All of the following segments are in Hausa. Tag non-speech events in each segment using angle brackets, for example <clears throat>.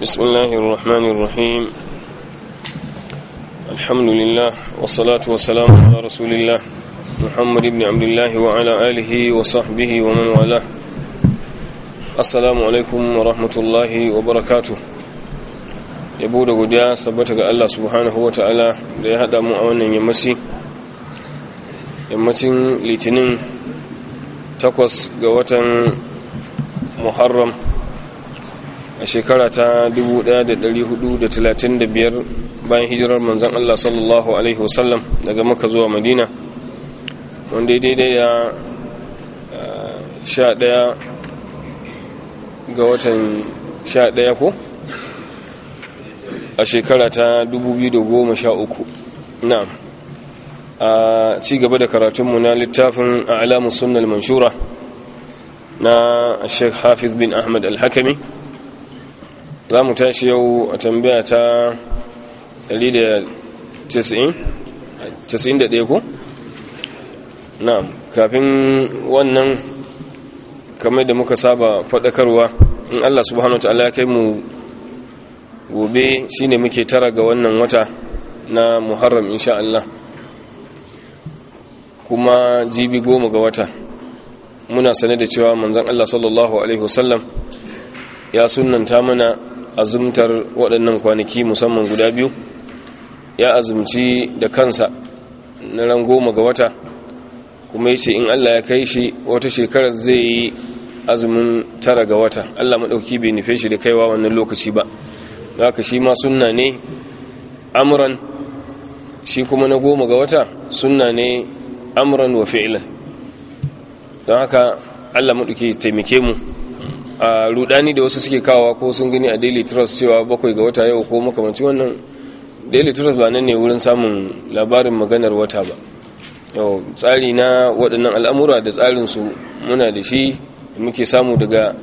بسم الله الرحمن الرحيم الحمد لله والصلاة والسلام على رسول الله محمد بن عبد الله وعلى آله وصحبه ومن والاه السلام عليكم ورحمة الله وبركاته yabo da godiya sabbata ga Allah subhanahu wata'ala da ya hada mu a wannan yammaci yammacin litinin takwas ga watan muharram a shekara ta 1435 bayan hijirar manzan Allah sallallahu Alaihi wasallam daga maka zuwa madina wanda daidai da 11 ga watan 11 ko a shekara ta 2013 na a ci gaba da karatunmu na littafin a alamun sunnal manshura na sheikh hafiz bin ahmad al-hakami za mu tashi yau a tambaya ta 191 ko? na kafin wannan kamar da muka saba faɗakarwa in Allah subhanahu wa ta'ala ya kai mu gobe shine muke tara ga wannan wata na Muharram insha Allah kuma jibi goma ga wata muna sane da cewa manzan Allah sallallahu alaihi wasallam ya sunanta mana azumtar waɗannan kwanaki musamman guda biyu ya azumci da kansa na ran goma ga wata kuma ya ce in Allah ya kai shi wata shekarar zai yi azumin tara ga wata Allah maɗauki bai nufe shi da kaiwa wannan lokaci ba haka shi ma sunna ne amuran shi kuma na goma ga wata sunna ne amuran wa fi'ilan don haka Allah maɗauki taimake mu a rudani da wasu suke kawo ko sun gani a daily trust cewa bakwai ga wata yau ko makamanci wannan daily trust ba nan ne wurin samun labarin maganar wata ba yau tsari na waɗannan al'amura da tsarinsu muna da shi muke samu daga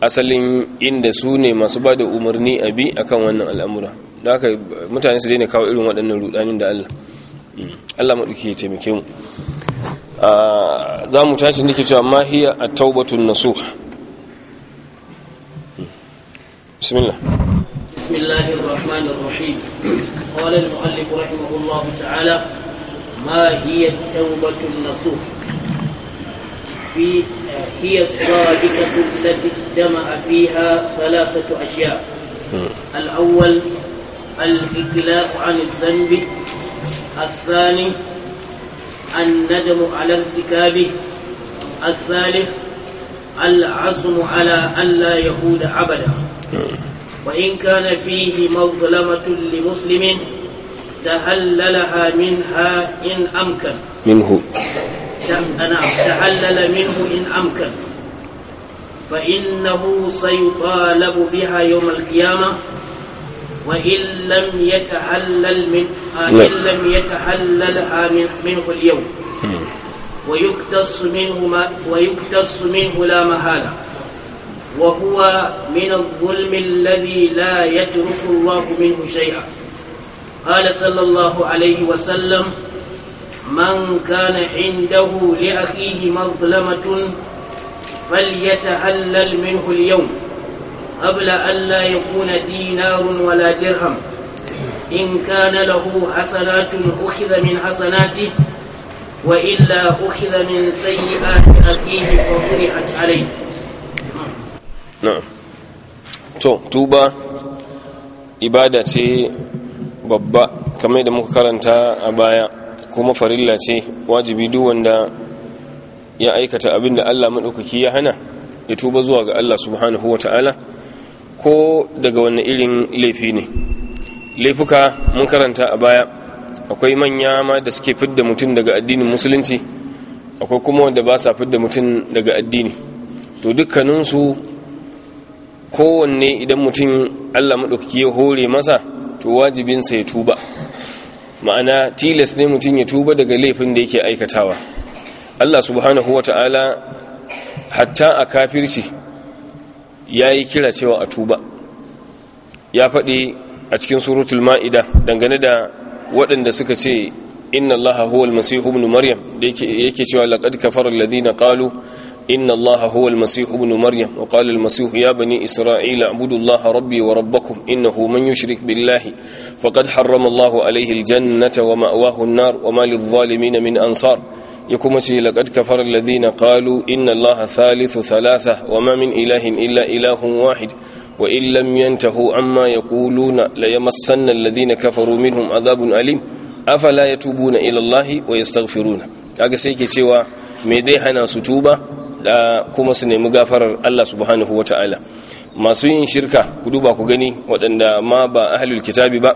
asalin inda su ne masu ba da umarni a bi akan wannan al'amura da aka mutane su daina kawo irin waɗannan rudanin da allah allah maɗauki ya taimake mu za mu tashi nake cewa mahiya a taubatun nasuha بسم الله بسم الله الرحمن الرحيم قال المؤلف رحمه الله تعالى ما هي التوبة النصوح في هي الصادقة التي اجتمع فيها ثلاثة أشياء الأول الإقلاع عن الذنب الثاني الندم على ارتكابه الثالث العزم على ألا يهود أبدا وإن كان فيه مظلمة لمسلم تهللها منها إن أمكن منه نعم تهلل منه إن أمكن فإنه سيطالب بها يوم القيامة وإن لم يتحلل من آه، إن نعم. لم يتحللها من منه اليوم ويقتص منه ما ويقتص منه لا محالة وهو من الظلم الذي لا يترك الله منه شيئا قال صلى الله عليه وسلم من كان عنده لأخيه مظلمة فليتهلل منه اليوم قبل أن لا يكون دينار ولا درهم إن كان له حسنات أخذ من حسناته وإلا أخذ من سيئات أخيه فطرحت عليه to tuba ibada ce babba kamar da muka karanta a baya kuma farilla ce wajibi duk wanda ya aikata abinda da Allah madaukaki ya hana ya tuba zuwa ga Allah subhanahu wataala ko daga wani irin laifi ne laifuka mun karanta a baya akwai manya ma da suke fidda mutum daga addinin musulunci akwai kuma wanda ba sa fidda mutum daga addini to dukkaninsu kowanne idan mutum Allah maɗaukaki ya hore masa to wajibinsa ya tuba ma'ana tilas ne mutum ya tuba daga laifin da yake aikatawa Allah subhanahu wa ta'ala hatta a kafirci ya yi kira cewa a tuba ya faɗi a cikin suratul ma'ida dangane da waɗanda suka ce inna allaha huwal masihu ibn maryam da yake cewa laqad kafara alladhina qalu إن الله هو المسيح ابن مريم وقال المسيح يا بني إسرائيل اعبدوا الله ربي وربكم إنه من يشرك بالله فقد حرم الله عليه الجنة ومأواه النار وما للظالمين من أنصار يكم لقد كفر الذين قالوا إن الله ثالث ثلاثة وما من إله إلا إله واحد وإن لم ينتهوا عما يقولون ليمسن الذين كفروا منهم عذاب أليم أفلا يتوبون إلى الله ويستغفرون kaga sai ke cewa me zai hana su tuba da kuma su nemi gafarar Allah subhanahu wata'ala masu yin shirka ku duba ku gani waɗanda ma ba ahlul kitabi ba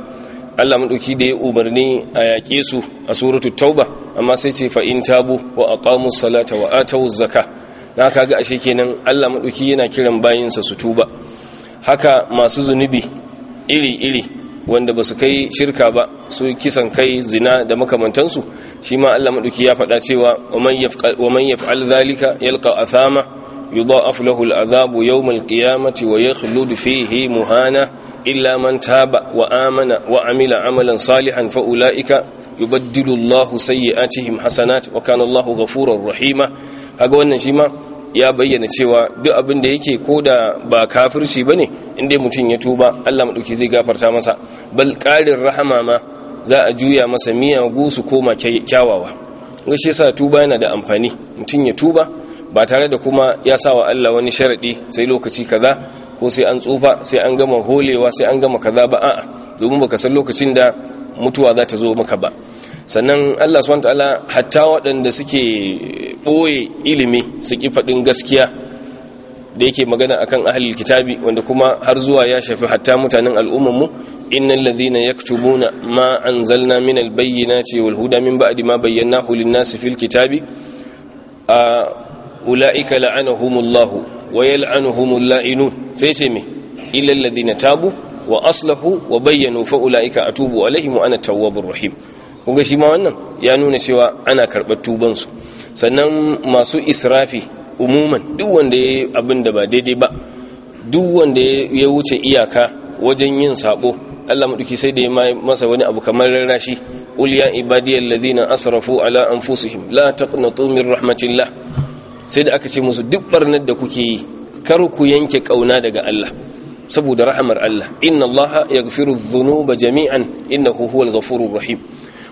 Allah maɗauki da ya umarni a yaƙe su a suratul tauba amma sai ce fa in tabu wa aqamus salata wa atawuz zakah na kaga ashe kenan Allah Maɗuki yana kiran bayinsa su tuba haka masu zunubi iri iri wanda ba su kai shirka ba su kisan kai zina da makamantansu shi ma Allah maɗauki ya faɗa cewa wa man yaf'al zalika yalqa athama yudha'af lahu al'adhabu yawm al-qiyamati wa yakhlud fihi muhana illa man taba wa amana wa amila amalan salihan fa ulaika yubaddilu Allahu sayyi'atihim hasanat wa kana Allahu ghafurur rahima kaga wannan shi ma ya bayyana cewa duk abin da yake ko da ba kafirci bane inda mutum ya tuba Allah madauki zai gafarta masa bal ƙarin rahama ma za a juya masa miya miyagu su koma kyawawa gashi yasa tuba yana da amfani mutum ya tuba ba tare da kuma ya sa wa Allah wani sharadi sai lokaci kaza ko sai an tsufa sai an gama holewa sai an gama kaza ba a'a domin baka san lokacin da mutuwa za ta zo maka ba sannan Allah subhanahu hatta waɗanda suke boye ilimi su faɗin gaskiya da yake magana akan ahlul kitabi wanda kuma har zuwa ya shafi hatta mutanen al'ummar mu innal ladhina yaktubuna ma anzalna minal bayyinati wal huda min ba'di ma bayyanahu lin-nasi fil kitabi ulaika la'anahumullahu wa yal'anuhumul la'inun sai sai me illal ladhina tabu wa aslahu wa bayyanu fa ulaika atubu alaihim wa ana tawwabur rahim kunga shi ma wannan ya nuna cewa ana karɓar tubansu sannan masu israfi umuman duk wanda ya abin da ba daidai ba duk wanda ya wuce iyaka wajen yin sabo Allah maɗuki sai da ya masa wani abu kamar rarrashi qul ya ibadiyal ladhina asrafu ala anfusihim la taqnatu min rahmatillah sai da aka ce musu duk barnar da kuke yi kar ku yanke kauna daga Allah saboda rahamar Allah inna Allah yaghfiru dhunuba jami'an innahu huwal ghafurur rahim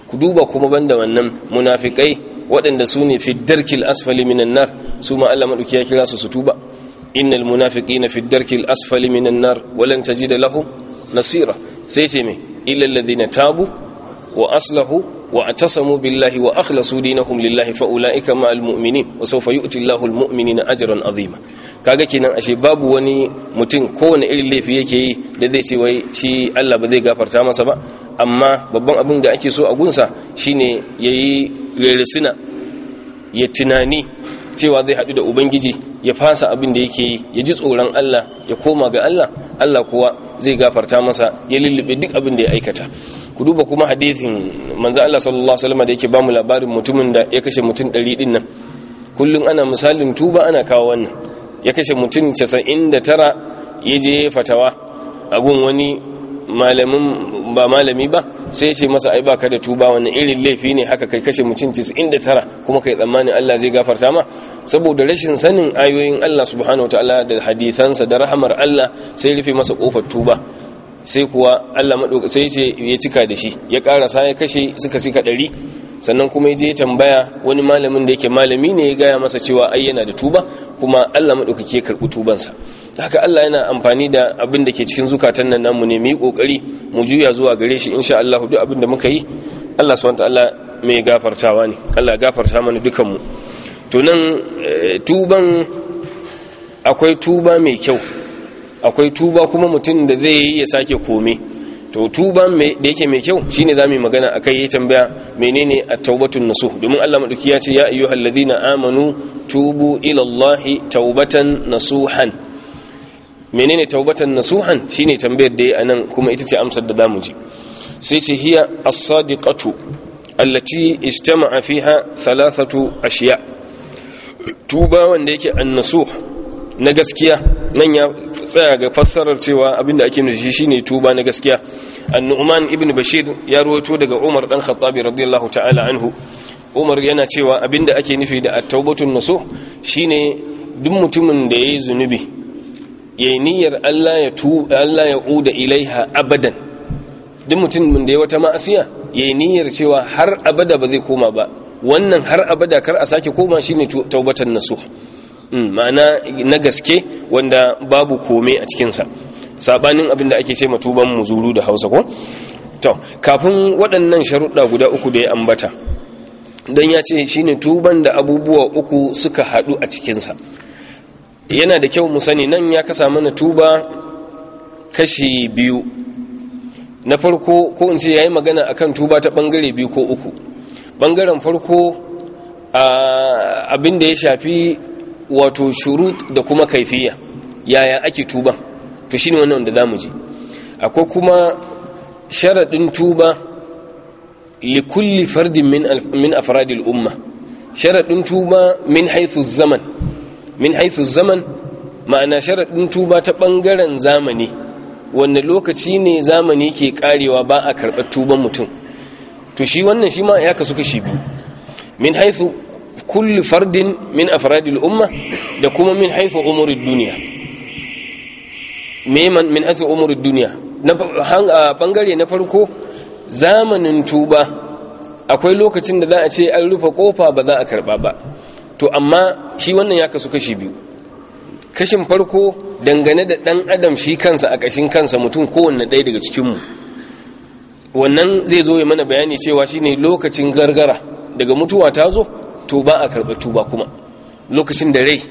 ku duba kuma banda wannan munafikai waɗanda su ne fi darkil asfali minan nar su ma Allah maɗauki ya kira su su tuba innal munafiki fi darkil asfali minan nar walan da lahum nasira sai ce me illal ladina tabu wa aslahu wa atasamu billahi wa akhlasu dinahum lillahi fa ulaika ma'al mu'minin wa sawfa yu'ti Allahu al mu'minina ajran azima kaga kenan ashe babu wani mutum kowane irin laifi yake yi da zai ce wai shi Allah ba zai gafarta masa ba amma babban abin da ake so a gunsa shine yayi rerisina ya tunani cewa zai haɗu da ubangiji ya fasa abin da yake yi ya ji tsoron Allah ya koma ga Allah Allah kuwa zai gafarta masa ya lullube duk abin da ya aikata ku duba kuma hadithin manzo Allah sallallahu alaihi wasallam da yake ba mu labarin mutumin da ya kashe mutum 100 din nan kullun ana misalin tuba ana kawo wannan ya kashe mutum tara ya je fatawa a gun wani malamin ba malami ba sai ce masa ai baka da tuba wannan irin laifi ne haka kai kashe mutum tara. kuma kai tsammanin Allah zai gafarta ma saboda rashin sanin ayoyin Allah subhanahu wataala da hadisansa da rahamar Allah sai rufe masa kofar tuba sai kuwa Allah sai ce ya cika da shi ya karasa ya kashe suka sika ɗari. sannan kuma je tambaya wani malamin da yake malami ne ya gaya masa cewa ai yana da tuba kuma Allah madaukake karɓi tubansa haka Allah yana amfani da abin da ke cikin zukatan nan namu ne mu yi kokari mu juya zuwa gare shi insha Allah duk abin da muka yi Allah subhanahu wataala mai gafartawa ne Allah gafarta mana dukan mu to nan eh, tuban akwai tuba mai kyau akwai tuba kuma mutum da zai yi ya sake kome to tuba da yake mai kyau shine za mu magana a kai tambaya menene a taubatun nasu? domin Allah madauki ya ce ya ayyuhal na amanu tubu ilallahi Allah taubatan nasuhan menene taubatan nasuhan shine tambayar da yayi anan kuma ita ce amsar da zamu ji sai ce hiya as-sadiqatu allati istama'a fiha thalathatu ashiya tuba wanda yake an-nasuh na gaskiya nan ya tsaya ga fassarar cewa abinda ake nufi shine tuba na gaskiya annu'man ibn bashir ya rawato daga umar dan khattabi radiyallahu ta'ala anhu umar yana cewa abinda ake nufi da at-taubatun nasuh shine duk mutumin da yayi zunubi yayi niyyar Allah ya tu Allah ya uda ilaiha abadan duk mutumin da yayi wata ma'asiya yayi niyyar cewa har abada ba zai koma ba wannan har abada kar a sake koma shine taubatan nasuh Mm, ma'ana na gaske wanda babu kome a cikinsa sabanin abin da ake ce matuban zuru da hausa ko to kafin waɗannan sharuɗa guda uku da ya ambata don ya ce shi ne tuban da abubuwa uku suka haɗu a cikinsa yana da kyau mu sani nan ya kasa mana tuba kashi biyu na farko ko in ce ya yi magana a kan tuba ta ɓangare biyu ko uku ɓangaren farko abin da ya shafi wato shurut da kuma kaifiya yaya ake tuba to shine wannan da zamu ji akwai kuma sharadin tuba li kulli fardin min min afradil umma sharadin tuba min haythu zaman min haythu zaman ma'ana sharadin tuba ta bangaren zamani Wanne lokaci ne zamani ke karewa ba a karɓar tuban mutum to shi wannan shi ma ya kasu kashi biyu min haythu kulli fardin min afradil umma da kuma min haifa umurid duniya meman min haifa umurid duniya na bangare na farko zamanin tuba akwai lokacin da za a ce an rufe kofa ba za a karba ba to amma shi wannan ya kasu kashi biyu kashin farko dangane da dan adam shi kansa a kashin kansa mutum kowanne ɗaya daga cikin mu wannan zai zo ya mana bayani cewa shine lokacin gargara daga mutuwa ta zo to ba a karɓar tuba kuma lokacin da rai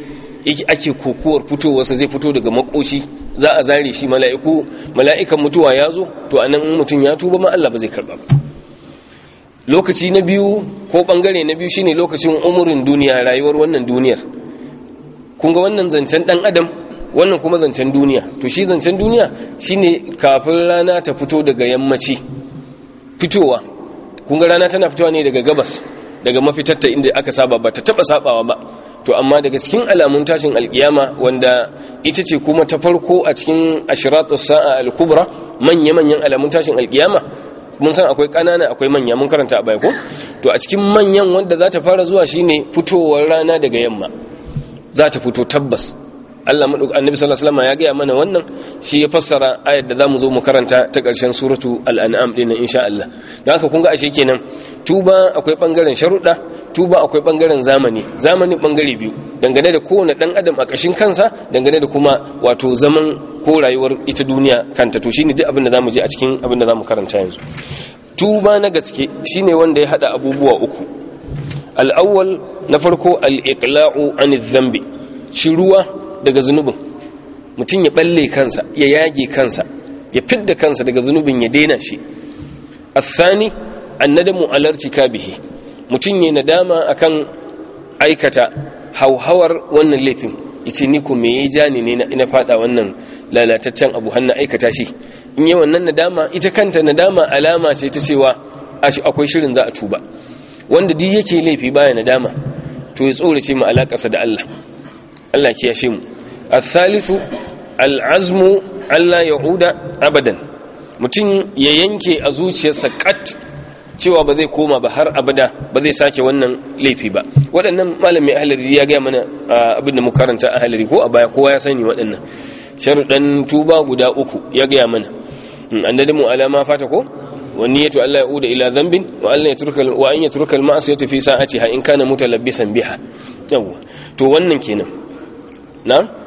ake kokowar fitowarsa zai fito daga makoshi za a zare shi mala'iku mala'ikan mutuwa ya zo to anan in mutum ya tuba ma Allah ba zai karɓa ba lokaci na biyu ko bangare na biyu shine lokacin umurin duniya rayuwar wannan duniyar kun ga wannan zancen dan adam wannan kuma zancen duniya to shi zancen duniya shine kafin rana ta fito daga yammaci fitowa kun ga rana tana fitowa ne daga gabas daga mafitarta inda aka saba ba ta taba sabawa ba to amma daga cikin alamun tashin alkiyama wanda ita ce kuma ta farko a cikin ashiratus sa'a al-kubra manya-manyan alamun tashin alkiyama mun san akwai kanana akwai manya mun karanta a baya ko to a cikin manyan wanda za ta fara zuwa shine fitowar rana daga yamma za ta fito tabbas Allah maduk annabi sallallahu alaihi wasallam ya gaya mana wannan shi ya fassara ayar da zamu zo mu karanta ta ƙarshen suratu al-an'am din insha Allah dan haka kun ga ashe kenan tuba akwai bangaren sharuɗa tuba akwai bangaren zamani zamani bangare biyu dangane da kowane dan adam a ƙashin kansa dangane da kuma wato zaman ko rayuwar ita duniya kanta to shine duk abin da zamu je a cikin abin da zamu karanta yanzu tuba na gaske shine wanda ya hada abubuwa uku al-awwal na farko al-iqla'u an dhanbi ciruwa daga zunubin mutum ya balle kansa ya yage kansa ya fidda kansa daga zunubin ya daina shi asani annadamu alartika bihi mutum ya nadama akan aikata hauhawar wannan laifin yace ni ku me yayi ja ne ina fada wannan lalataccen abu hanna aikata shi in yi wannan nadama ita kanta nadama alama ce ta cewa akwai shirin za a tuba wanda duk yake laifi baya nadama to ya tsorace mu alakarsa da Allah Allah kiyashe mu الثالث al'azmu allah يعود ابدا mutum ya yanke a zuciyarsa kat cewa ba zai koma ba har abada ba zai sake wannan laifi ba waɗannan malamin ahalari ya gaya mana abin da mu karanta ahalari ko a baya kowa ya sani waɗannan sharuɗan tuba guda uku ya gaya mana an dadimu alama fata ko wani yato Allah ya uda ila zambin wa Allah ya turkal wa an ya turka al-ma'siyati fi sa'atiha in kana mutalabbisan biha yawa to wannan kenan na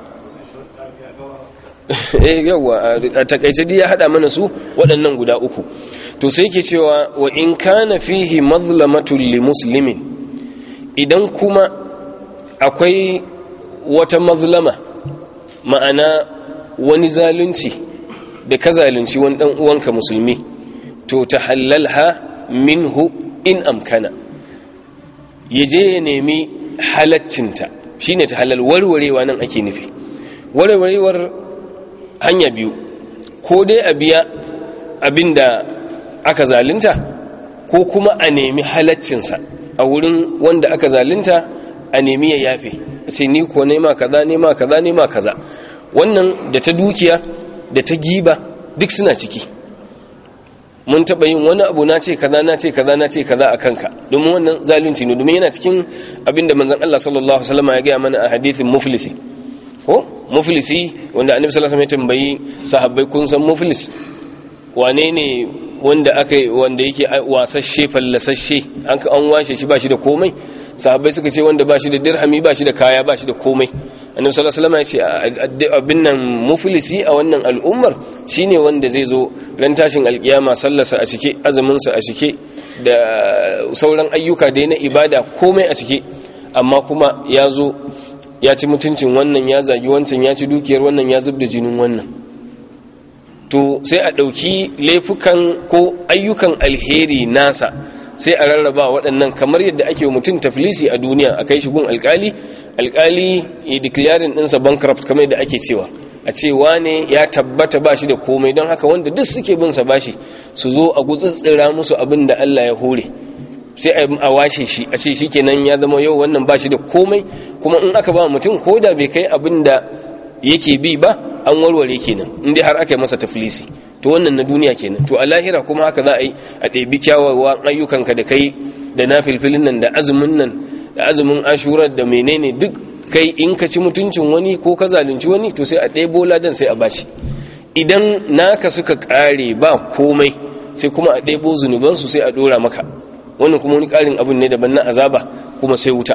<laughs> eh yawa a takaice ya hada mana su waɗannan guda uku to sai ke cewa wa in kana fihi mazlamatun li muslimin idan kuma akwai wata mazlama ma'ana wani zalunci da ka zalunci wani dan uwanka musulmi to tahallalha minhu in amkana yaje ya nemi halaccinta shine tahallal warwarewa nan ake nufi warwarewar hanya biyu ko dai a biya abin da aka zalunta ko kuma a nemi halaccinsa a wurin wanda aka zalunta a nemi ya yafe sai ni ko nema kaza nema kaza nema kaza wannan da ta dukiya da ta giba duk suna ciki mun taɓa yin wani abu na ce kaza na ce kaza na ce kaza a kanka domin wannan zalunci ne domin yana cikin abin da manzan Allah sallallahu alaihi wasallam ya gaya mana a hadithin muflisi ko muflisi wanda annabi sallallahu alaihi wasallam ya tambayi sahabbai kun san muflis wane ne wanda aka wanda yake wasashe fallasashe an ka an washe shi bashi da komai sahabbai suka ce wanda bashi da dirhami bashi da kaya bashi da komai annabi sallallahu alaihi wasallam ya ce abin nan muflisi a wannan al'ummar shine wanda zai zo ran tashin alkiyama sallasa a cike azumin sa a cike da sauran ayyuka da na ibada komai a cike amma kuma ya zo ya ci mutuncin wannan ya zagi wancan ya ci dukiyar wannan ya zub da jinin wannan to sai a ɗauki laifukan ko ayyukan alheri nasa sai a rarraba waɗannan kamar yadda ake mutum tafilisi a duniya a kai shigun alkali alkali ya declaring ɗinsa bankrupt kamar yadda ake cewa a cewa ne ya tabbata ba shi da komai don haka wanda duk suke bin sa shi su zo a gutsutsira musu abin da Allah ya hore sai a washe shi a ce shikenan ya zama yau wannan ba shi da komai kuma in aka ba mutum ko da bai kai abin da yake bi ba an warware kenan in dai har aka yi masa tafilisi to wannan na duniya kenan to a lahira kuma haka za a yi a ɗebi kyawawan ayyukanka da kai da na filfilin nan da azumin nan da azumin ashurar da menene duk kai in ka ci mutuncin wani ko ka zalunci wani to sai a ɗebo ladan sai a bashi idan naka suka kare ba komai sai kuma a ɗebo zunubansu sai a ɗora maka wannan kuma wani karin abin ne daban na azaba kuma sai wuta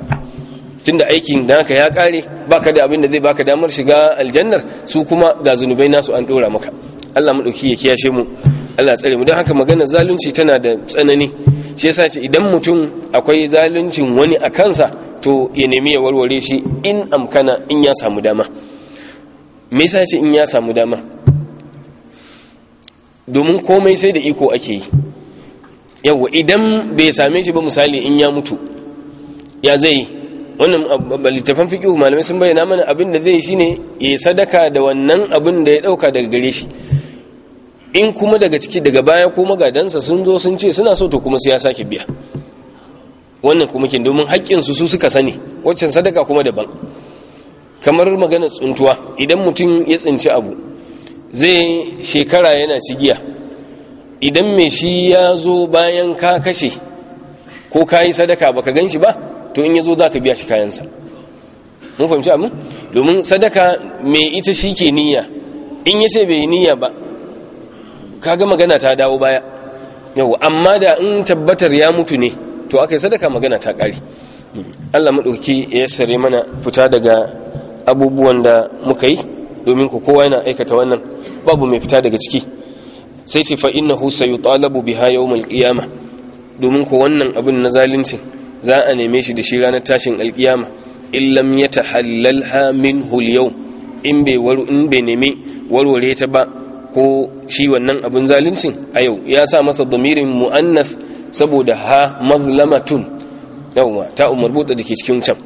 tunda aikin da haka ya kare baka da abin da zai baka damar shiga aljannar su kuma ga zunubai nasu an dora maka Allah madauki ya kiyashe mu Allah tsare mu don haka maganar zalunci tana da tsanani shi yasa ce idan mutum akwai zaluncin wani a kansa to ya nemi ya warware shi in amkana in ya samu dama me yasa ce in ya samu dama domin komai sai da iko ake yi Yau, idan bai same shi ba misali in ya mutu ya zai wannan littafan fikihu malamai sun bayyana mana abin da zai shi ne ya sadaka da wannan abin da ya ɗauka daga gare shi in kuma daga ciki daga baya ko magadansa sun zo sun ce suna so to kuma su ya sake biya wannan kuma kin domin haƙƙinsu su suka sani waccan sadaka kuma daban kamar maganar tsuntuwa idan mutum ya tsinci abu zai shekara yana cigiya idan mai shi ya zo bayan ka kashe ko ka yi sadaka ka gan shi ba to in ya zo za ka biya shi kayansa mun fahimci abin domin sadaka mai ita shi ke niyya in ya ce bai niyya ba Ka ga magana ta dawo baya yau amma da in tabbatar ya mutu ne to aka yi sadaka magana ta ƙari allah maɗauki ya sare mana fita daga abubuwan da muka yi domin ku kowa yana aikata wannan babu mai fita daga ciki sai ce fa innahu sayutalabu biha yawmal qiyamah domin ko wannan abin na zaluncin, za a neme shi da shi ranar tashin alkiyama illam ya ta al-yawm in in bai neme warware ta ba ko shi wannan abin zaluncin a yau ya sa masa damirin mu'annas saboda ha mazlamatun yawwa ta umar buɗe da ke cikin can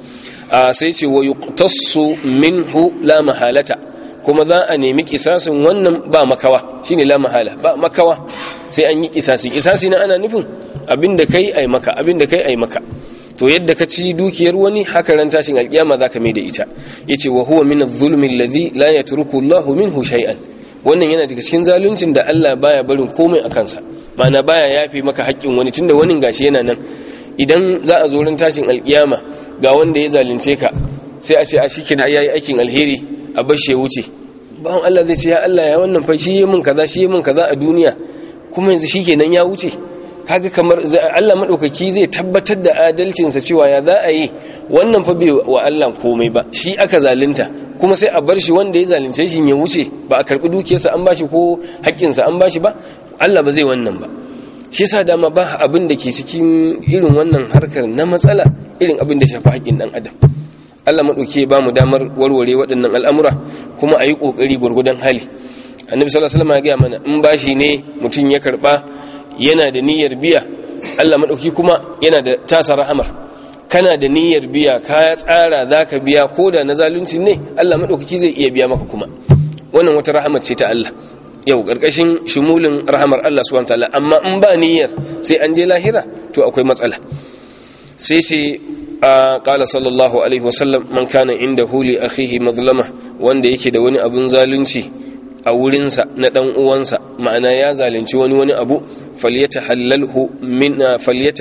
ah, sai ce wa min minhu la mahalata kuma za a nemi kisasin wannan ba makawa Shi ne lamahala, ba makawa sai an yi kisasi kisasi na ana nufin abinda kai ai maka abinda kai ai maka to yadda ka ci dukiyar wani haka ran tashin alkiyama zaka mai da ita Ya yace wa huwa min zulmin lazi alladhi la yatruku Allahu minhu shay'an wannan yana daga cikin zaluncin da Allah baya barin komai a kansa ma'ana baya yafi maka haƙƙin wani tun da wani gashi yana nan idan za a zo ran tashin alkiyama ga wanda ya zalunce ka sai a ce a shi kina yayi aikin alheri a ya wuce bawan Allah zai ce ya Allah ya wannan fa shi min kaza shi min kaza a duniya kuma yanzu shi shikenan ya wuce kaga kamar Allah madaukaki zai tabbatar da adalcin sa cewa ya za a yi wannan fa bai wa Allah komai ba shi aka zalunta kuma sai a bar shi wanda ya zalunce shi ya wuce ba a karbi dukiyarsa an bashi ko haƙƙinsa an bashi ba Allah ba zai wannan ba shi yasa dama ba abin da ke cikin irin wannan harkar na matsala irin abin da shafi haƙƙin dan adam Allah maɗauki ba mu damar warware waɗannan al'amura kuma a yi ƙoƙari gwargwadon hali annabi sallallahu alaihi wasallam ya gaya mana in bashi ne mutum ya karba yana da niyyar biya Allah madauki kuma yana da tasa rahamar kana da niyyar biya ka tsara zaka biya Ko da na zalunci ne Allah madaukaki zai iya biya maka kuma wannan wata rahama ce ta Allah yau ƙarƙashin shimulin rahamar Allah subhanahu wataala amma in ba niyyar sai an je lahira to akwai matsala sai ce a ƙala sallallahu alaihi wasallam man kana inda huli akhihi mazlama wanda yake da wani abun zalunci a wurinsa na ɗan uwansa ma'ana ya zalunci wani wani abu falyata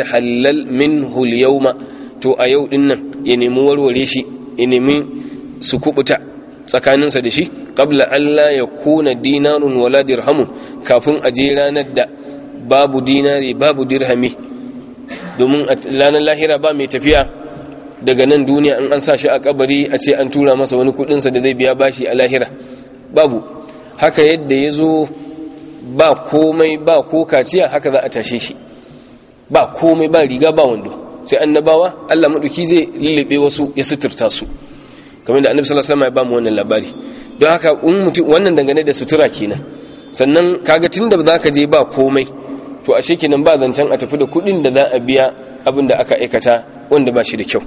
halal minhu alyawma to a yau ɗinnan, nan ya nemi warware shi ya nemi su kubuta tsakaninsa da shi ƙabla Allah ya kuna dinarun wala dirhamun kafin a je ranar da babu dinari babu dirhami domin a ranar lahira ba mai tafiya daga nan duniya an an sa shi a kabari a ce an tura masa wani kudinsa da zai biya bashi a lahira babu haka yadda ya zo ba komai ba ko kaciya haka za a tashe shi ba komai ba riga ba wando sai annabawa Allah maɗuki zai lullube wasu ya suturta su kamar da annabi sallallahu alaihi wasallam ya ba mu wannan labari don haka wannan dangane da sutura kenan sannan kaga tunda ba za ka je ba komai to a nan ba zancen a tafi da kudin da za a biya abin da aka aikata wanda ba shi da kyau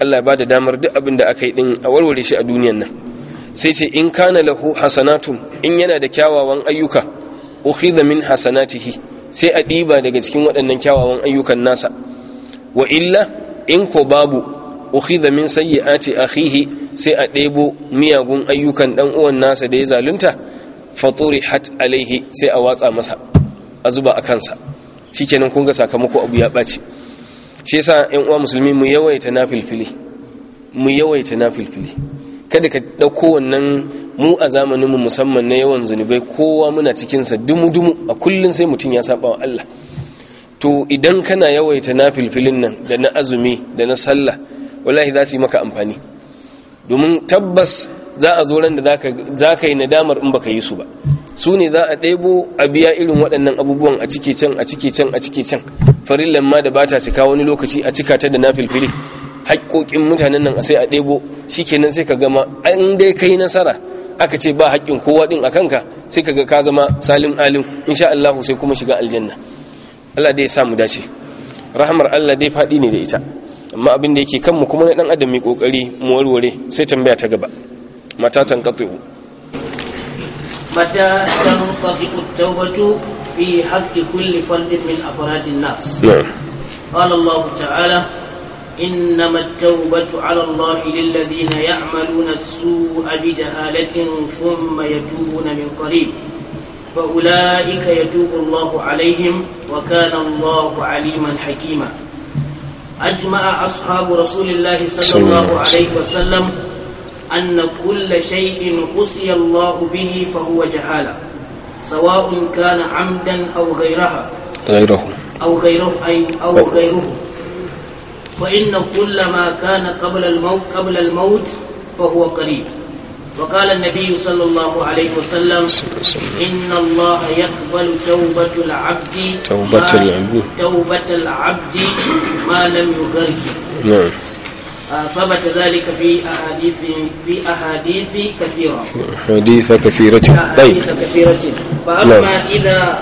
Allah ba da damar duk abin da aka yi din a warware shi a duniyan nan sai ce in kana lahu hasanatun in yana da kyawawan ayyuka ukhidha min hasanatihi sai a diba daga cikin waɗannan kyawawan ayyukan nasa wa illa in ko babu ukhidha min sayyiati akhihi sai a ɗebo miyagun ayyukan dan uwan nasa da ya zalunta faturihat alaihi sai a watsa masa a zuba a kansa shi kun ga sakamako abu ya ɓace shi yasa 'Yan uwa musulmi mu yawaita filfili mu yawaita filfili kada ka ɗauko wannan mu a zamaninmu musamman na yawan zunubai kowa muna cikinsa dumu-dumu a kullum sai mutum ya saba wa Allah to idan kana yawaita na filfilin nan da na azumi da na sallah wallahi za su yi maka amfani domin tabbas za a zo ran da za ka yi nadamar in baka yi su ba su ne za a ɗebo a biya irin waɗannan abubuwan a cike can a cike can a cike can farillan ma da ba ta cika wani lokaci a cika ta da na filfili haƙƙoƙin mutanen nan a sai a ɗebo shi kenan sai ka gama an dai kai nasara aka ce ba haƙƙin kowa ɗin a kanka sai ka ga ka zama salim alim insha Allah sai kuma shiga aljanna Allah dai ya mu dace rahmar Allah dai faɗi ne da ita amma abin da yake kanmu kuma na ɗan adam mai ƙoƙari mu warware sai tambaya ta gaba mata tankatu متى تنطلق التوبة في حق كل فرد من أفراد الناس نعم قال الله تعالى إنما التوبة على الله للذين يعملون السوء بجهالة ثم يتوبون من قريب فأولئك يتوب الله عليهم وكان الله عليما حكيما أجمع أصحاب رسول الله صلى الله عليه وسلم أن كل شيء قصي الله به فهو جهالة سواء كان عمدا أو غيرها غيره أو غيره أي أو غيره فإن كل ما كان قبل الموت قبل الموت فهو قريب وقال النبي صلى الله عليه وسلم إن الله يقبل توبة العبد توبة العبد توبة العبد ما لم يغرق نعم ثبت ذلك في أحاديث في أحاديث كثيرة أحاديث كثيرة طيب أحاديث كثيرة فأما لا. نعم. إذا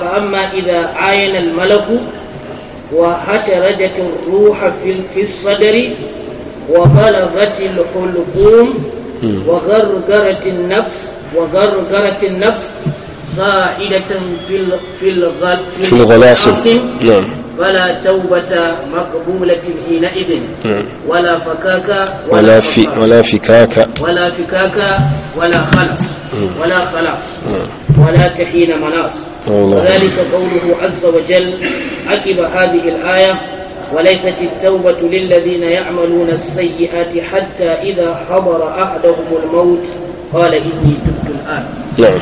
فأما إذا عاين الملك وحشرجت الروح في في الصدر وبلغت الحلقوم وغرغرت النفس وغرغرت النفس زائدة في في الغد في الغلاصب نعم فلا توبة مقبولة حينئذ نعم. ولا فكاك ولا, ولا في ولا فكاك ولا فكاك ولا خلاص نعم. ولا خلاص نعم. ولا تحين مناص وذلك قوله عز وجل عقب هذه الآية وليست التوبة للذين يعملون السيئات حتى إذا حضر أحدهم الموت قال إني تبت الآن نعم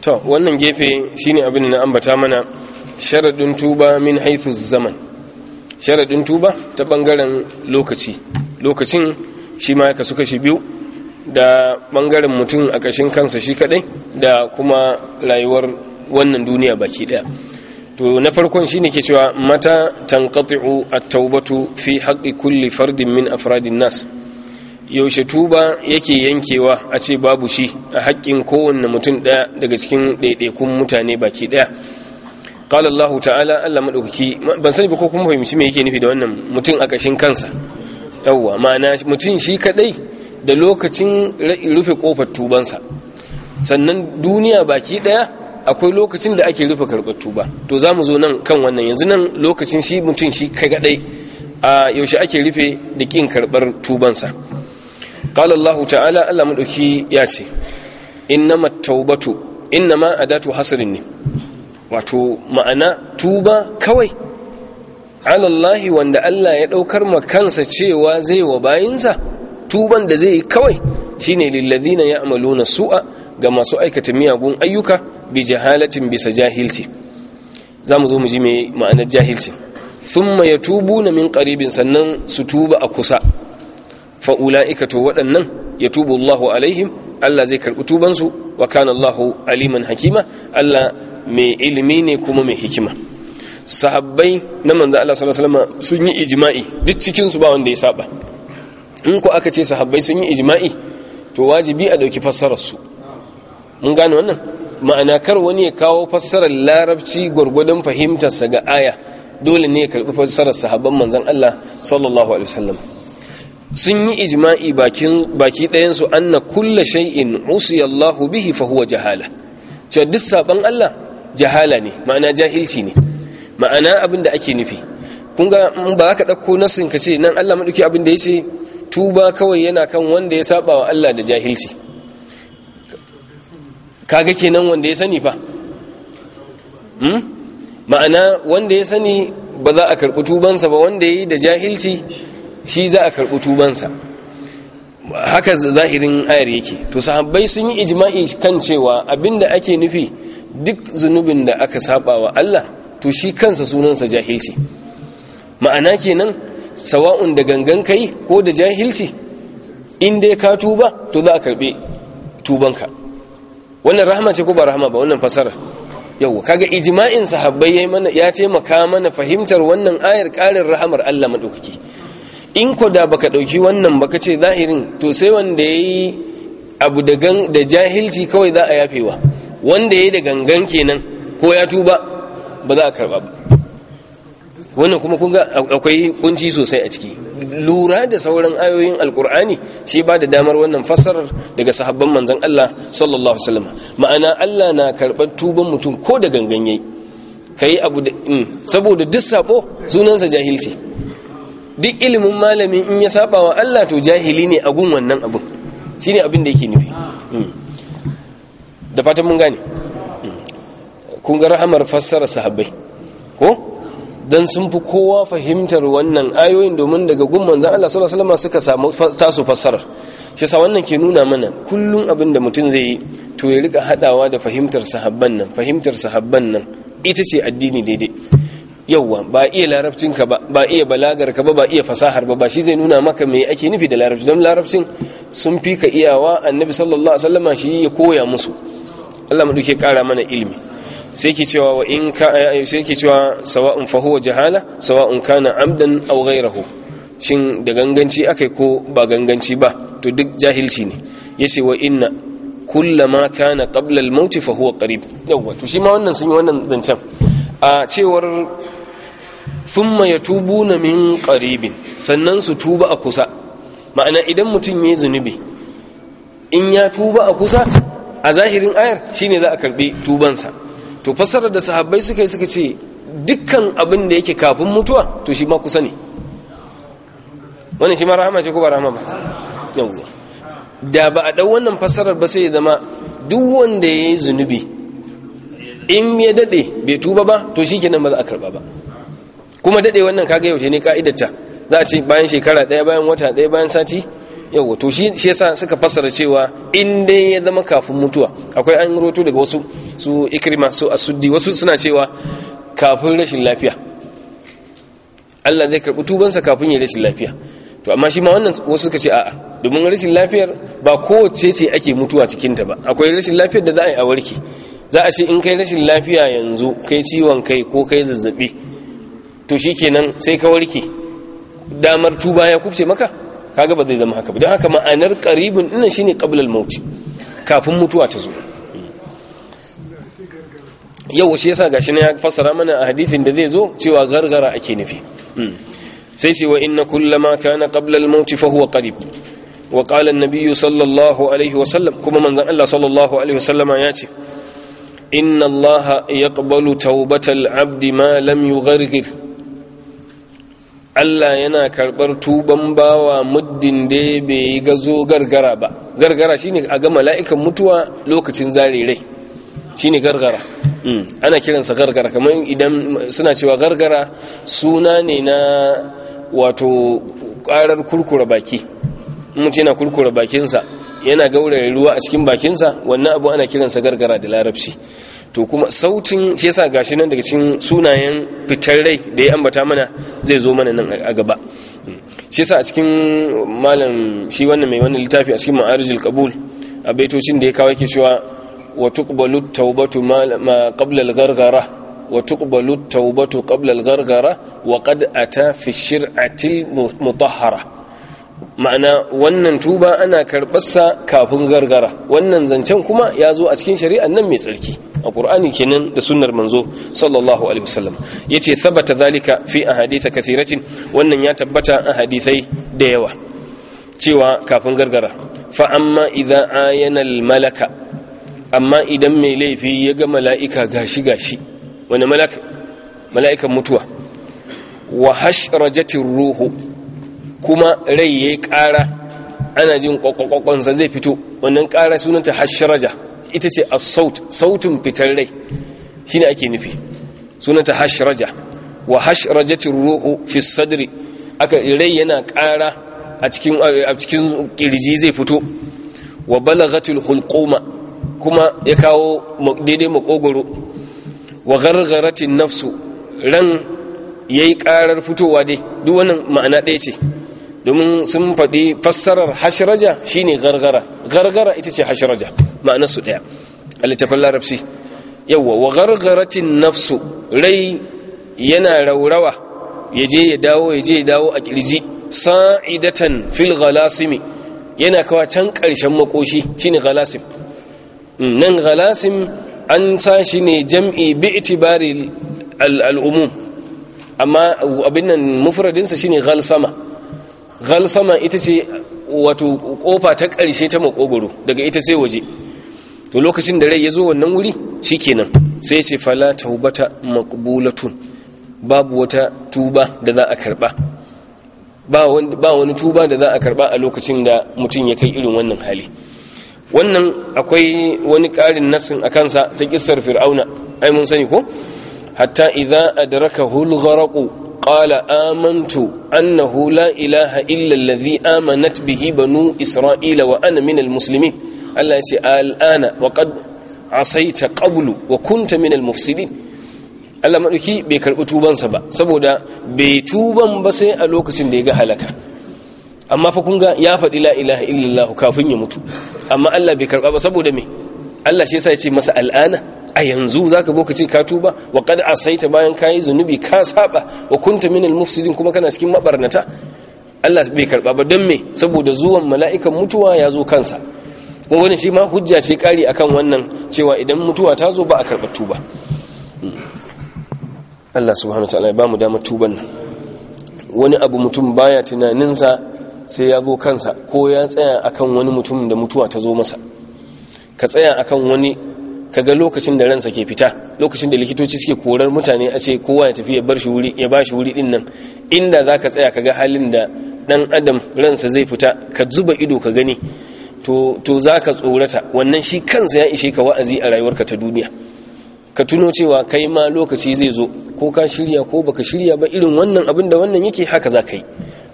to wannan gefe shine abin da na ambata mana sharadin tuba min haythu zaman sharadin tuba ta bangaren lokaci lokacin shi ma ka suka shi biyu da bangaren mutum a kashin kansa shi kadai da kuma rayuwar wannan duniya baki daya to na farkon shine ke cewa mata tanqati'u at-taubatu fi haqqi kulli fardin min afradin nas yaushe tuba yake yankewa a ce babu shi a haƙƙin kowanne mutum ɗaya daga cikin ɗaiɗaikun mutane baki ɗaya qala Allah ta'ala Allah madaukaki ban sani ba ko kuma fahimci me yake nufi da wannan mutum a kashin kansa yawwa ma'ana mutum shi kaɗai da lokacin rufe ƙofar tubansa sannan duniya baki ɗaya akwai lokacin da ake rufe karɓar tuba to za mu zo nan kan wannan yanzu nan lokacin shi mutum shi kaɗai a yaushe ake rufe da ƙin karɓar tubansa qala allah ta'ala allah madauki ya ce innamat tawbatu innama adatu hasrin ne wato ma'ana tuba kawai alallahi wanda allah ya daukar ma kansa cewa zai wa bayinsa tuban da zai yi kawai shine lillazina ya'maluna su'a ga masu aikata miyagun ayyuka bi jahalatin bisa jahilci zamu zo mu ji me ma'anar jahilci thumma yatubuna min qaribin sannan su tuba a kusa fa'ula'ika to waɗannan ya tubu Allahu alaihim Allah zai karɓi tubansu wa kana Allahu aliman hakima Allah mai ilimi ne kuma mai hikima sahabbai na manzo Allah sallallahu sun yi ijma'i duk cikin su ba wanda ya saba in ku aka ce sahabbai sun yi ijima'i? to wajibi a ɗauki fassararsu. mun gane wannan ma'ana kar wani ya kawo fassarar larabci fahimtar fahimtarsa ga aya dole ne ya karɓi fassarar sahabban manzon Allah sallallahu alaihi wasallam sun yi ijma'i baki ɗayensu an na kulla shay'in usiyallahu bihi fahuwa jahala cewa duk sabon Allah jahala ne ma'ana jahilci ne ma'ana abin da ake nufi kun ga ba za ka ɗauko nasin ka ce nan Allah maɗauki abin da ya ce tuba kawai yana kan wanda ya saɓa wa Allah da jahilci kaga kenan wanda ya sani fa hmm? ma'ana wanda ya sani ba za a karɓi tubansa ba wanda ya yi da jahilci shi za a karɓi tubansa haka zahirin ayar yake to sahabbai sun yi ijma'i kan cewa abinda ake nufi duk zunubin da aka saba wa Allah to shi kansa sunansa jahilci ma'ana kenan sawa'un da gangan kai ko da jahilci in dai ka tuba to za a karɓi tubanka wannan rahama ce ko ba rahama ba wannan fasara yau kaga ijma'in sahabbai ya taimaka mana fahimtar wannan ayar ƙarin rahamar Allah maɗaukaki. in ko da baka dauki wannan baka ce zahirin to sai wanda ya yi abu da jahilci kawai za a yafewa wanda ya yi da gangan kenan ko ya tuba ba za a karba ba wannan kuma kun akwai kunci sosai a ciki lura da sauran ayoyin alkur'ani shi ba da damar wannan fassarar daga sahabban manzan Allah sallallahu alaihi wasallam ma'ana Allah na karɓar tuban mutum ko da gangan yayi kai abu da in mm, saboda duk sabo sunansa jahilci duk ilimin malami in ya saba wa Allah to jahili ne a gun wannan abin shine abin da yake nufi hmm. da fatan mun gane hmm. kun ga rahamar fassara sahabbai ko dan sun fi kowa fahimtar wannan ayoyin domin daga gun manzon Allah sallallahu alaihi wasallam suka samu tasu fassara shi sa wannan ke nuna mana kullum abin da mutum zai yi to ya rika hadawa da fahimtar sahabban nan fahimtar sahabban nan ita ce addini daidai yauwa ba iya larabcinka ba ba iya balagarka ba ba iya fasahar ba ba shi zai nuna maka me ake nufi da larabci don larabcin sun fi ka iyawa annabi sallallahu alaihi wasallama shi ya koya musu Allah mu duke kara mana ilimi sai ke cewa wa in ka sai ke cewa sawa'un fa huwa jahala sawa'un kana amdan aw ghayrahu shin da ganganci akai ko ba ganganci ba to duk jahilci ne yace wa inna kullama kana qabla al-maut fa huwa qarib to shi ma wannan sun yi wannan zancen a cewar thumma yatubuna min qaribin sannan su tuba a kusa ma'ana idan mutum yayi zunubi in ya tuba a kusa a zahirin ayar shine za a karbi tubansa to fassarar da sahabbai suka yi suka ce dukkan abin da yake kafin mutuwa to shi ma kusa ne wannan shi ma rahama ce ko ba rahama ba yawwa da ba a dau wannan fasarar ba sai ya zama duk wanda yayi zunubi in ya dade bai tuba ba to shi kenan ba za a karba ba kuma daɗe wannan kaga yaushe ne ta. za a ce bayan shekara ɗaya bayan wata ɗaya bayan sati yau to shi shi yasa suka fassara cewa in dai ya zama kafin mutuwa akwai an roto daga wasu su ikrima su asuddi wasu suna cewa kafin rashin lafiya Allah zai karbi tubansa kafin ya rashin lafiya to amma shi ma wannan wasu suka ce a'a domin rashin lafiyar ba kowace ce ake mutuwa cikin ta ba akwai rashin lafiyar da za a yi a warki. za a ce in kai rashin lafiya yanzu kai ciwon kai ko kai zazzabi to shi sai ka warke damar tuba ya kubce maka kaga ba zai zama haka ba don haka ma'anar karibin dinnan shine qabla al-maut kafin mutuwa ta zo yau shi yasa gashi ne ya fassara mana a hadisin da zai zo cewa gargara ake nufi hmm. sai ce wa inna kullama kana qabla al-maut fa huwa qarib wa qala an-nabiy sallallahu alaihi wa sallam kuma manzon Allah sallallahu alaihi wa sallama ya ce inna Allah yaqbalu tawbatal abdi ma lam yughargir Allah yana karɓar tuban bawa muddin da bai yi gazo gargara ba gargara shine a ga mala'ikan mutuwa lokacin zare rai shine gargara hmm. ana kiransa gargara kamar idan suna cewa gargara suna ne na wato ƙarar kurkura baki mutu yana kurkura bakinsa yana gauraya ruwa a cikin bakinsa wannan abu ana kiransa gargara da larabci to kuma sautin shi yasa gashi nan daga cikin sunayen fitar rai da ya ambata mana zai zo mana nan a gaba shi yasa a cikin malam shi wannan mai wannan littafi a cikin ma'arijul qabul a baitocin da ya kawo yake cewa wa tuqbalu tawbatu ma qabla al gargara wa tuqbalu tawbatu qabla al gargara wa qad ata fi shir'ati mutahhara ma'ana wannan tuba ana karɓarsa kafin gargara wannan zancen kuma ya zo a cikin shari'an nan mai tsarki a ƙur'ani kenan da sunnar manzo sallallahu alaihi wasallam ya ce tabbata zalika fi a haditha kathiratin wannan ya tabbata a hadithai da yawa cewa kafin gargara fa amma idza ayana malaka amma idan mai laifi ya ga mala'ika gashi gashi wani mala'ikan mutuwa wa hashrajatir ruhu kuma rai ya yi ƙara ana jin ƙwaƙwaƙwaƙwansa zai fito wannan ƙara sunanta hashiraja ita ce a saut sautin fitar rai shi ne ake nufi sunanta hashiraja wa hashirajatin ruhu fi sadri aka rai yana ƙara a cikin ƙirji zai fito wa balagatul hulƙoma. kuma ya kawo daidai makogoro wa gargaratin nafsu ran ya yi ƙarar fitowa dai duk wannan ma'ana ɗaya ce domin sun faɗi fassarar hashraja shine gargara gargara ita ce hashraja ma'anar ɗaya a littafin larabci yawwa wa gargaratin nafsu rai yana raurawa ya je ya dawo ya je ya dawo a ƙirji. sa'idatan fil galasimi yana kawa can ƙarshen makoshi shine galasim mm, nan galasim an sa shi ne jam'i bi itibari al'umum amma abin nan mufradinsa shine galsama galsama ita ce wato kofa ta ƙarshe ta makogoro daga ita sai waje to lokacin da rai ya zo wannan wuri shi kenan. sai ce fala taubata makbulatun babu wata tuba da za a karba ba wani tuba da za a karɓa a lokacin da mutum ya kai irin wannan hali wannan akwai wani ƙarin nasin a kansa ta ƙisar fir'auna ai mun sani ko hatta idza adraka hulgharaqu qala annahu la ilaha amanat bihi banu isra'ila wa ana minal muslimin Allah ya asaita qablu wa kunta minal mufsidin Allah bai karbi tubansa ba saboda bai tuban ba sai a lokacin da ya ga halaka amma fa kun ga ya faɗi la ilaha illallah kafin ya mutu amma Allah bai karba ba saboda me Allah shi yasa ce masa al'ana a yanzu zaka zo ka ce ka tuba wa qad asaita bayan kayi zunubi ka saba wa kunta minal mufsidin kuma kana cikin mabarnata Allah bai karba ba don me saboda zuwan mala'ikan mutuwa ya zo kansa kuma wani shi ma hujja ce kari akan wannan cewa idan mutuwa ta zo ba a karɓar tuba Allah subhanahu wa ta'ala ba mu damar tuban nan wani abu mutum baya tunanin sa sai ya zo kansa ko ya tsaya akan wani mutum da mutuwa ta zo masa ka tsaya a kan wani kaga lokacin da ransa ke fita lokacin da likitoci suke korar mutane a ce kowa ya tafi ya ba shi wuri din nan inda za ka tsaya kaga halin da dan adam ransa zai fita ka zuba ido ka gani to, za ka tsorata wannan shi kansa ya ishe ka wa'azi a rayuwarka ta duniya ka tuno cewa kai ma lokaci zai zo ko ka shirya ko baka shirya ba irin wannan abin da wannan yake haka za ka yi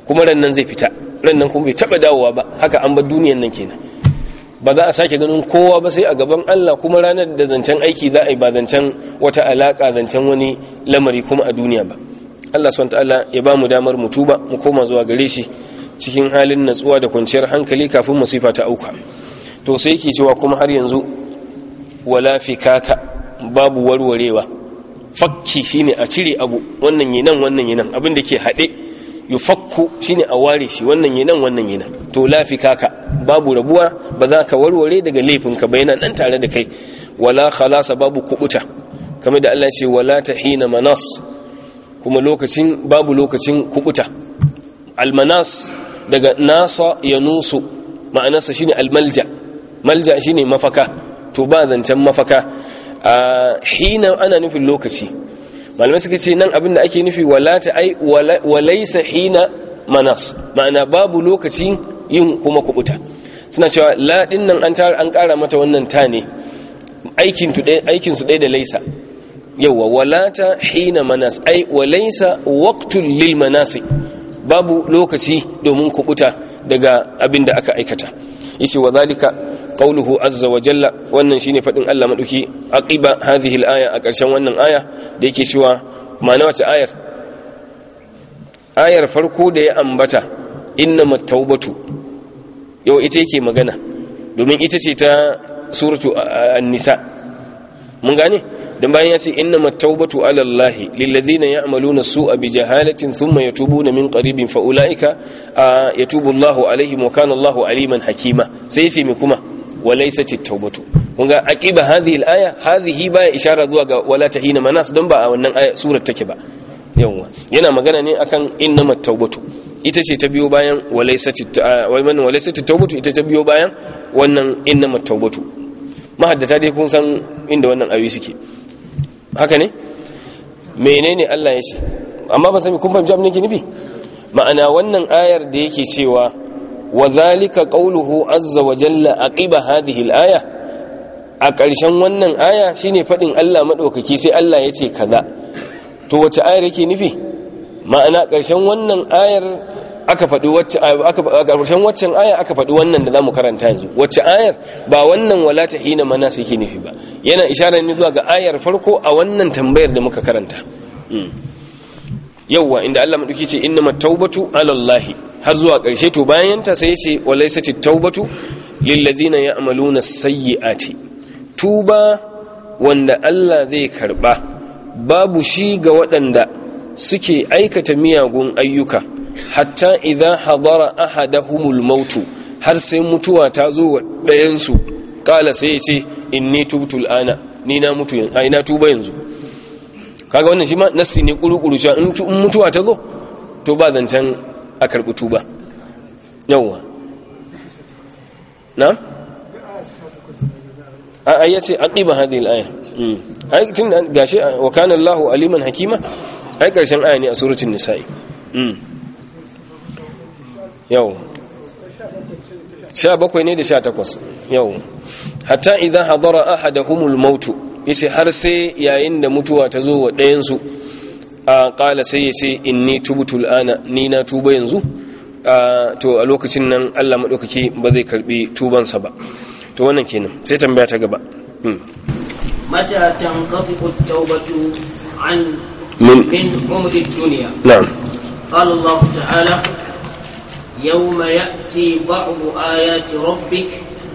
kuma rannan zai fita rannan kuma bai taba dawowa ba haka an bar duniyan nan kenan ba za a sake ganin kowa ba sai a gaban Allah kuma ranar da zancen aiki za a yi ba zancen wata alaka zancen wani lamari kuma a duniya ba Allah subhanahu Allah ya ba mu damar mutu ba mu koma zuwa gare shi cikin halin natsuwa da kwanciyar hankali kafin masifa ta auka to sai yake cewa kuma har yanzu wala kaka babu warwarewa fakki shine a cire abu wannan yi nan wannan yi nan abin da ke haɗe yufakku shine a ware shi wannan yi nan wannan yi nan to lafi kaka babu rabuwa ba za ka warware daga laifin ka ba yana nan tare da kai wala khalasa babu kubuta kamar da Allah ce wala tahina manas kuma lokacin babu lokacin kubuta almanas daga nasa yanusu nusu ma'anarsa shine almalja malja shine mafaka to ba zancen mafaka a ah, hina ana nufin lokaci malamai suka ce nan abin da ake nufi walata ai walaisa hina manas ma'ana babu lokacin yin kuma kubuta suna cewa laɗin nan an tara an kara mata wannan ta ne aikin su ɗaya da laisa yauwa walata hina manas ai walaisa waqtul lil manasi babu lokaci domin kubuta daga abin da aka aikata yace wa zalika qawluhu azza wa jalla wannan shine fadin Allah maduki aqiba hadhihi alaya a ƙarshen wannan aya da yake cewa ma'ana wace ayar ayar farko da ya ambata innamat tawbatu yau ita yake magana domin ita ce ta suratu an-nisa mun gane dan bayan ya ce inna tawbatu ala Allah lilladhina ya'maluna su'a bi jahalatin thumma yatubuna min qaribin fa ulaika yatubu Allahu alaihim wa kana Allahu aliman hakima sai sai mi kuma walaysatit tawbatu kun ga aqiba hadhihi alaya aya hadhihi ba ishara zuwa ga wala tahina manas don ba a wannan surar take ba yawwa yana magana ne akan inna tawbatu ita ce ta biyo bayan walaisatit tawbatu ita ta biyo bayan wannan inna tawbatu mahaddata dai kun san inda wannan ayoyi suke haka ne menene Allah ya ce amma ba sami kun fahimci abin yake nufi ma'ana wannan ayar da yake cewa wa zalika qawluhu azza wa jalla aqiba hadhihi al-aya a ƙarshen wannan aya shine fadin Allah madaukaki sai Allah ya ce kaza to wace ayar yake nufi ma'ana ƙarshen wannan ayar aka faɗi ƙarshen waccan ayar aka faɗi wannan da zamu karanta yanzu wacce ayar ba wannan wala ta hina mana su yake nufi ba yana isharar ni zuwa ga ayar farko a wannan tambayar da muka karanta hmm. yawwa inda Allah maduki ce inna taubatu ala har zuwa ƙarshe to bayan ta sai ce walaysati taubatu lillazina ya'maluna sayyi'ati tuba wanda Allah zai karba babu shi ga waɗanda suke aikata miyagun ayyuka hatta idan hadara ahadahumul mautu har sai mutuwa ta zo wa ɗayansu kala sai ya ce in ne tubtul ana ni na mutu yanzu, a ina tuba yanzu kaga wannan shi ma nassi ne kurukuru cewa in mutuwa ta zo to ba zancen a karɓi tuba yawwa na? a ayyace aqiba hadhihi al-aya hmm. ai tun gashi wa kana Allahu aliman hakima ai ƙarshen aya ne a suratun nisa'i mm. yau sha bakwai ne da sha takwas yau hatta idan hadara ahadahumul mautu yace har sai yayin da mutuwa ta zo wa ɗayansu a ƙala sai ya ce inni tubutu al'ana ni na tuba yanzu to a lokacin nan Allah maɗaukaki ba zai karɓi tubansa ba to wannan kenan sai tambaya ta gaba mm. mata tanqatu at an من من عمر الدنيا نعم قال الله تعالى يوم يأتي بعض آيات ربك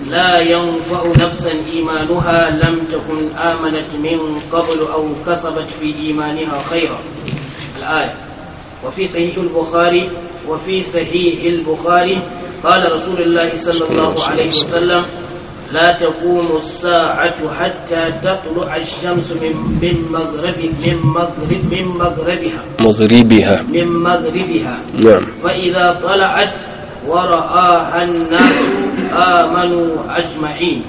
لا ينفع نفسا إيمانها لم تكن آمنت من قبل أو كسبت في إيمانها خيرا الآية وفي صحيح البخاري وفي صحيح البخاري قال رسول الله صلى الله عليه وسلم لا تقوم الساعة حتى تطلع الشمس من من مغرب من مغرب من مغربها مغربها من مغربها نعم فإذا طلعت ورآها الناس آمنوا أجمعين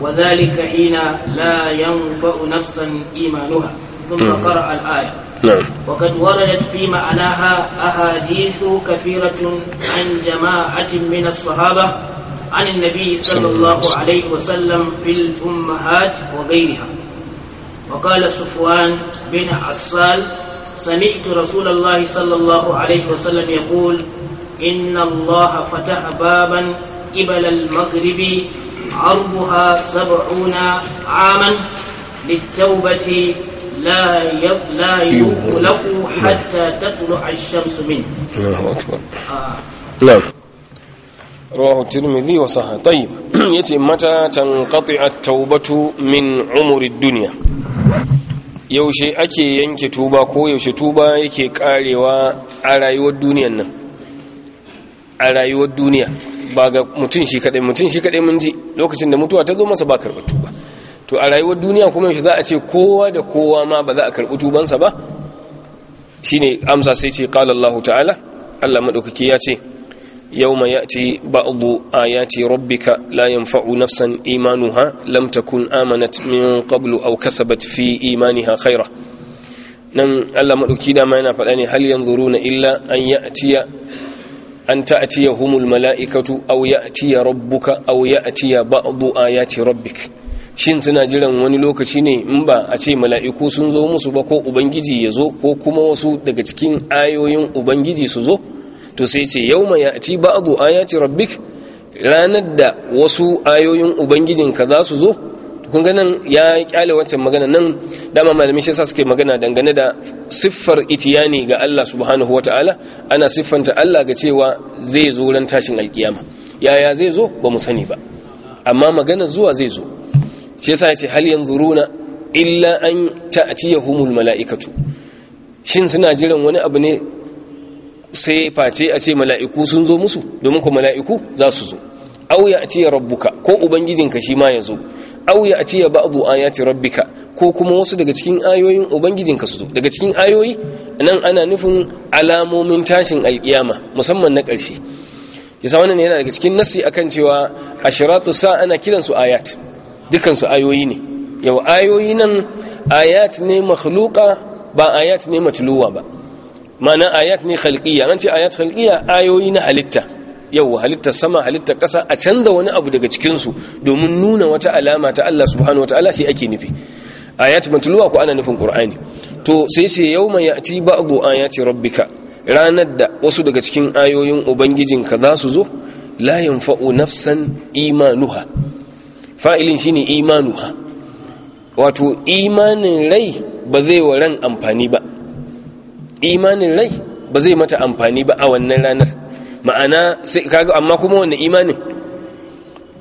وذلك حين لا ينفع نفسا إيمانها ثم نعم. قرأ الآية نعم وقد وردت في معناها أحاديث كثيرة عن جماعة من الصحابة عن النبي صلى الله عليه وسلم في الأمهات وغيرها وقال صفوان بن عسال سمعت رسول الله صلى الله عليه وسلم يقول إن الله فتح بابا إبل المغرب عرضها سبعون عاما للتوبة لا لا يغلق حتى تطلع الشمس منه الله أكبر آه. نعم آه. رواه الترمذي وصححه طيب <clears throat> يتي متى تنقطع التوبة من عمر الدنيا yaushe ake yanke tuba ko yaushe tuba yake karewa a rayuwar duniyar nan a rayuwar duniya ba ga mutum shi kadai mutum shi kadai mun ji lokacin da mutuwa ta zo masa ba karɓar tuba to a rayuwar duniya kuma yaushe za a ce kowa da kowa ma ba za a karɓi tubansa ba shine amsa sai ce qala Allah ta'ala Allah madaukaki ya ce يوم يأتي بعض آيات ربك لا ينفع نفسا إيمانها لم تكن amanat, من qablu, أو كسبت في إيمانها خيرا nan Allah da ma yana faɗa ne hal yanzu na illa an ya'tiya an ta'tiya humul mala'ikatu aw ya'tiya rabbuka aw ya'tiya ba'du ayati rabbik shin suna jiran wani lokaci ne in ba a ce mala'iku sun zo musu ba ko ubangiji ya zo ko kuma wasu daga cikin ayoyin ubangiji su zo to sai ce yau ya ci ba ba'du ayati rabbik ranar da wasu ayoyin ubangijinka za su zo kun ga nan ya kyale wancan magana nan dama malamin shi yasa suke magana dangane da siffar itiyani ga Allah subhanahu wataala ana siffanta Allah ga cewa zai zo ran tashin alkiyama yaya zai zo ba mu sani ba amma magana zuwa zai zo shi yasa yace hal yanzuruna illa an ta'tiyahumul malaikatu shin suna jiran wani abu ne sai face a ce mala'iku sun zo musu domin ku mala'iku za su zo au ya ce rabbuka ko ubangijinka shi ma ya zo au ya ce ya ce rabbika ko kuma wasu daga cikin ayoyin ubangijinka su zo daga cikin ayoyi nan ana nufin alamomin tashin alkiyama musamman na ƙarshe yasa wannan yana daga cikin nasi akan cewa shiratu sa ana kiran su ayat dukansu ayoyi ne yau ayoyi nan ayat ne makhluqa ba ayat ne matluwa ba mana ayat ne khalqiyya an ce ayat khalqiyya ayoyi na halitta yau halitta sama halitta ƙasa a canza wani abu daga cikin su domin nuna wata alama ta Allah subhanahu wataala shi ake nufi ayat matluwa ko ana nufin qur'ani to sai ce yauma ya'ti ba'du ayati rabbika ranar da wasu daga cikin ayoyin ubangijin ka za su zo la yanfa'u nafsan imanuha fa'ilin shine imanuha wato imanin rai ba zai waran amfani ba imanin rai ba zai mata amfani ba a wannan ranar ma'ana sai kaga amma kuma wannan imanin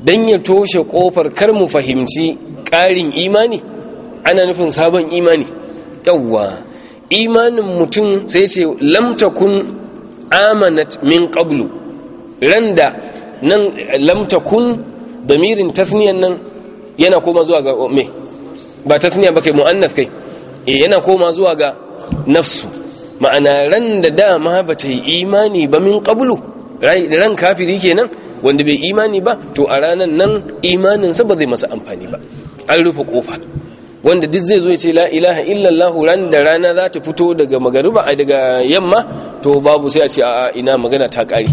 dan ya toshe kofar kar mu fahimci ƙarin imani ana nufin sabon imani yawa imanin mutum sai ce lam takun amanat min qablu randa nan lam takun damirin tasniyan nan yana koma zuwa ga me ba tasniya ba kai muannas kai eh, yana koma zuwa ga nafsu ma'ana ran da dama ba ta yi imani ba min qablu ran kafiri kenan wanda bai imani ba to a ranar nan imaninsa ba zai masa amfani ba an rufe kofa wanda duk zai zo ya ce la ilaha illallah ran da rana za ta fito daga magariba a daga yamma to babu sai a ce a ina magana ta kare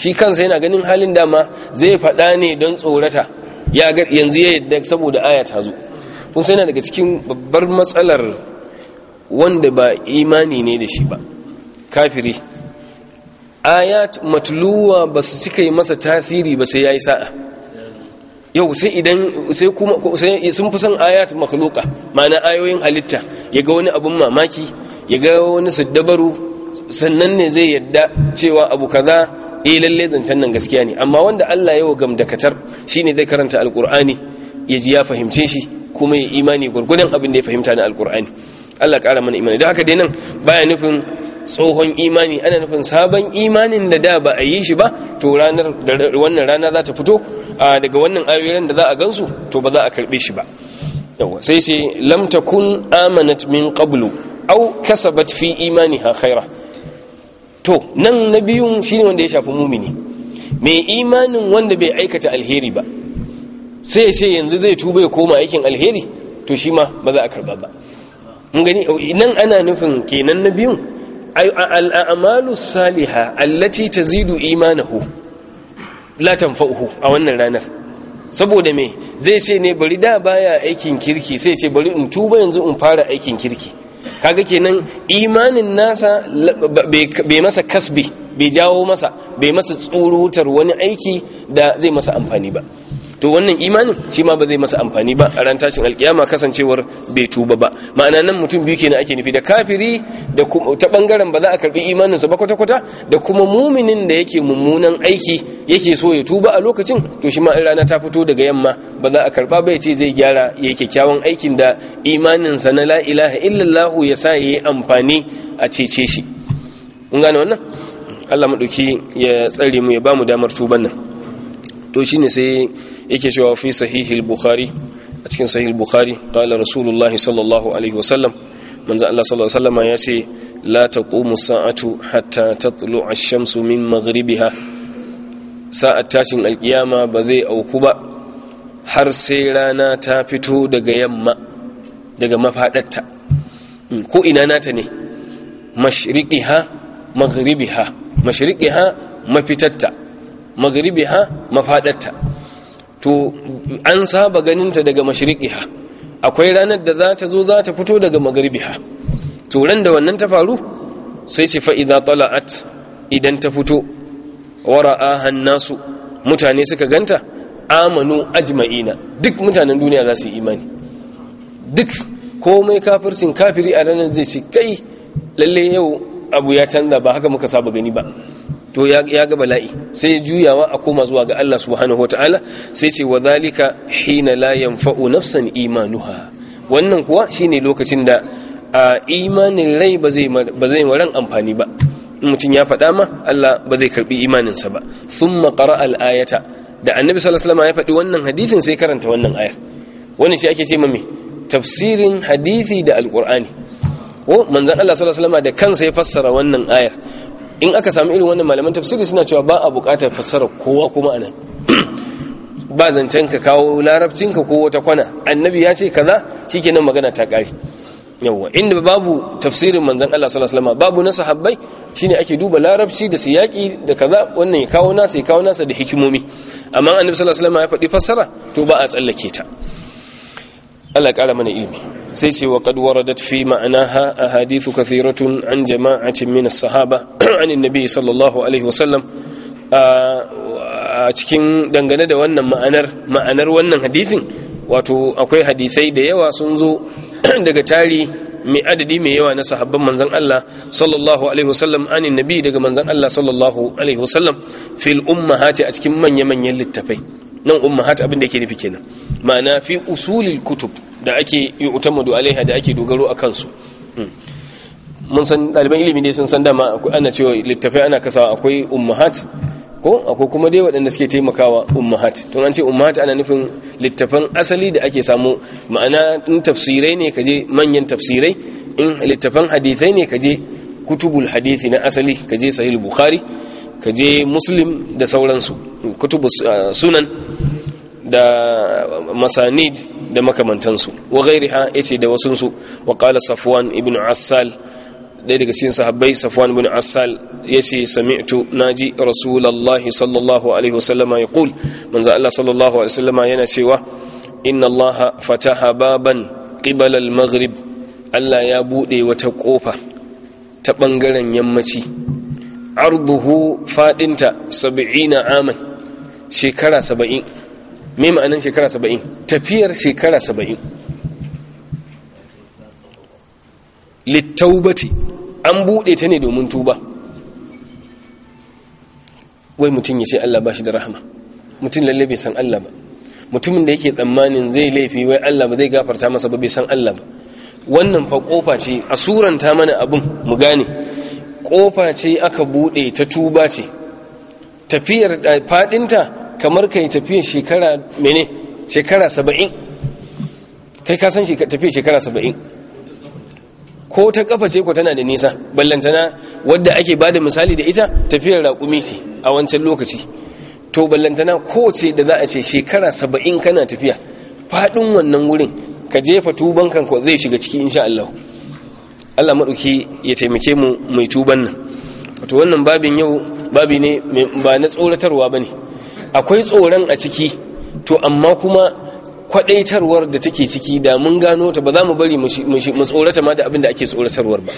shi kansa yana ganin halin dama zai faɗa ne don tsorata ya yanzu ya yadda saboda aya ta zo kun sai yana daga cikin babbar matsalar wanda ba imani ne da shi ba kafiri ayat matluwa ba su cika yi masa tasiri ba sai ya yi sa'a yau sai idan sai kuma sun fi son ayat makhluka ma'ana ayoyin halitta ya ga wani abin mamaki ya ga wani saddabaru sannan ne zai yadda cewa abu kaza yi eh, lalle zancen nan gaskiya ne amma wanda Allah ya wagam da katar shine zai karanta alqur'ani ya ji ya fahimce shi kuma ya imani gurgudan abin da ya fahimta na alqur'ani Allah ƙara mana imani don haka dai nan baya nufin tsohon imani ana nufin sabon imanin da da ba a yi shi ba to ranar da wannan rana za ta fito daga wannan ayoyin da za a gansu to ba za a karbe shi ba yawa sai sai lam takun amanat min qablu aw kasabat fi imaniha khaira to nan na biyun shine wanda ya shafi mumini mai imanin wanda bai aikata alheri ba sai sai yanzu zai tuba ya koma aikin alheri to shi ma ba za a karba ba mun gani nan ana nufin kenan na biyun al'amalu saliha ta zidu imanahu la fa’uhu a wannan ranar saboda me zai ce ne bari da baya aikin kirki sai ce bari in tuba yanzu in fara aikin kirki kaga kenan imanin nasa bai masa kasbi bai jawo masa bai masa tsurutar wani aiki da zai masa amfani ba to wannan imanin shi ma ba zai masa amfani ba a ran tashin alkiyama kasancewar bai tuba ba ma'ana nan mutum biyu kenan ake nufi da kafiri da ta bangaren ba za a karbi imanin sa ba kwata kwata da kuma muminin da yake mummunan aiki yake so ya tuba a lokacin to shi ma in rana ta fito daga yamma ba za a karba ba ya ce zai gyara ya yi kyakkyawan aikin da imanin sa na la ilaha illallah ya sa ya yi amfani a cece shi kun gane wannan Allah maɗauki ya tsare mu ya ba mu damar tuban nan to ne sai yake cewa fi sahihil bukhari a cikin sahihil bukhari qala rasulullahi sallallahu alaihi wasallam manzo Allah sallallahu alaihi wasallam ya ce la taqumu sa'atu hatta tatlu'a ash-shamsu min maghribiha sa'at tashin al alkiyama ba zai auku ba har sai rana ta fito daga yamma daga mafadarta hmm, ko ina nata ne mashriqiha maghribiha mashriqiha mafitarta magribiha mafadarta to an saba ganinta daga mashriqiha akwai ranar da za ta zo za ta fito daga magribiha to ran da wannan ta faru sai ce fa idza tala'at idan ta fito wara'aha nasu mutane suka ganta amanu ajma'ina duk mutanen duniya za su yi imani duk komai kafircin kafiri a ranar zai ce kai lalle yau abu ya canza ba haka muka saba gani ba to ya ga bala'i sai juyawa a koma zuwa ga Allah subhanahu wataala sai ce wa zalika hina la yanfa'u nafsan imanuha wannan kuwa shine lokacin da imanin rai ba zai ba zai amfani ba mutum ya faɗa ma Allah ba zai karbi imaninsa ba thumma qara'a al da annabi sallallahu ya faɗi wannan hadithin sai karanta wannan ayar wannan shi ake ce mami tafsirin hadisi da alqur'ani ko manzon Allah sallallahu da kansa ya fassara wannan ayar in aka samu irin wannan malaman tafsiri suna cewa ba a buƙatar fassara kowa kuma anan <clears throat> ba zancen ka kawo larabcin ka ko wata kwana annabi ya ce kaza shikenan magana ta kare yawwa inda babu tafsirin manzon Allah sallallahu alaihi wasallam babu na sahabbai shine ake duba larabci da siyaki da kaza wannan ya kawo nasa ya kawo nasa da hikimomi amma annabi sallallahu alaihi wasallam ya faɗi fassara to ba a tsallake ta Allah ya kara mana ilimi sai ce wa qad waradat fi ma'anaha ahadithu kathiratun an jama'atin min as-sahaba <clears throat> an annabi sallallahu alaihi wasallam a cikin dangane da wannan ma'anar ma'anar wannan hadisin wato akwai hadisai da yawa sun zo <clears throat> daga tari mai adadi mai yawa na sahabban manzan Allah sallallahu alaihi wasallam anin nabi daga manzan Allah sallallahu alaihi wasallam fil ummahati a cikin manya-manyan littafai nan ummahat abin da yake nufi kenan ma'ana fi usulil kutub da ake yi utamadu alaiha da ake dogaro a su hmm. mun san ɗaliban ilimi ne sun san dama ana cewa littafai ana kasawa akwai ummahat ko akwai kuma dai waɗanda suke taimakawa ummahat tun an ce ummahat ana nufin littafan asali da ake samu ma'ana in tafsirai ne kaje manyan tafsirai in littafan hadithai ne kaje kutubul hadithi na asali kaje sahih bukhari ka je muslim da sauransu kutubu ah, sunan da masanid da makamantansu wa ya yace da wasunsu wa qala safwan ibn assal ɗaya daga cikin sahabbai safwan bin asal ya ce sami'tu naji rasulullahi sallallahu alaihi wasallama ya kul manzo Allah sallallahu alaihi wasallama yana cewa inna Allah fataha baban qibala al-maghrib Allah ya bude wata kofa ta bangaren yammaci arduhu fadinta saba'ina aman shekara saba'in mai ma'anin shekara saba'in tafiyar shekara saba'in littaubati an buɗe ta ne domin tuba wai mutum ya ce Allah ba shi da rahama mutum lalle bai san Allah ba mutumin da yake tsammanin zai laifi wai Allah ba zai gafarta masa ba bai san Allah ba wannan fa kofa ce a suranta mana abin mu gane ƙofa ce aka bude ta tuba ce tafiyar fadinta kamar kai tafiyar shekara mene shekara saba'in kai ka san tafiyar shekara saba'in ko ta kafa ce ko tana da nisa ballantana wadda ake bada misali da ita tafiyar raƙumi ce a wancan lokaci to ballantana ce da za a ce shekara saba'in kana tafiya faɗin wannan wurin ka jefa tuban kanka zai shiga ciki insha Allah Allah maɗauki ya taimake mu mai tuban nan wato wannan babin yau babi ne ba na tsoratarwa ba ne akwai tsoron a ciki to amma kuma kwaɗaitarwar da take ciki da mun gano ta ba za mu bari mu tsorata ma da abin da ake tsoratarwar ba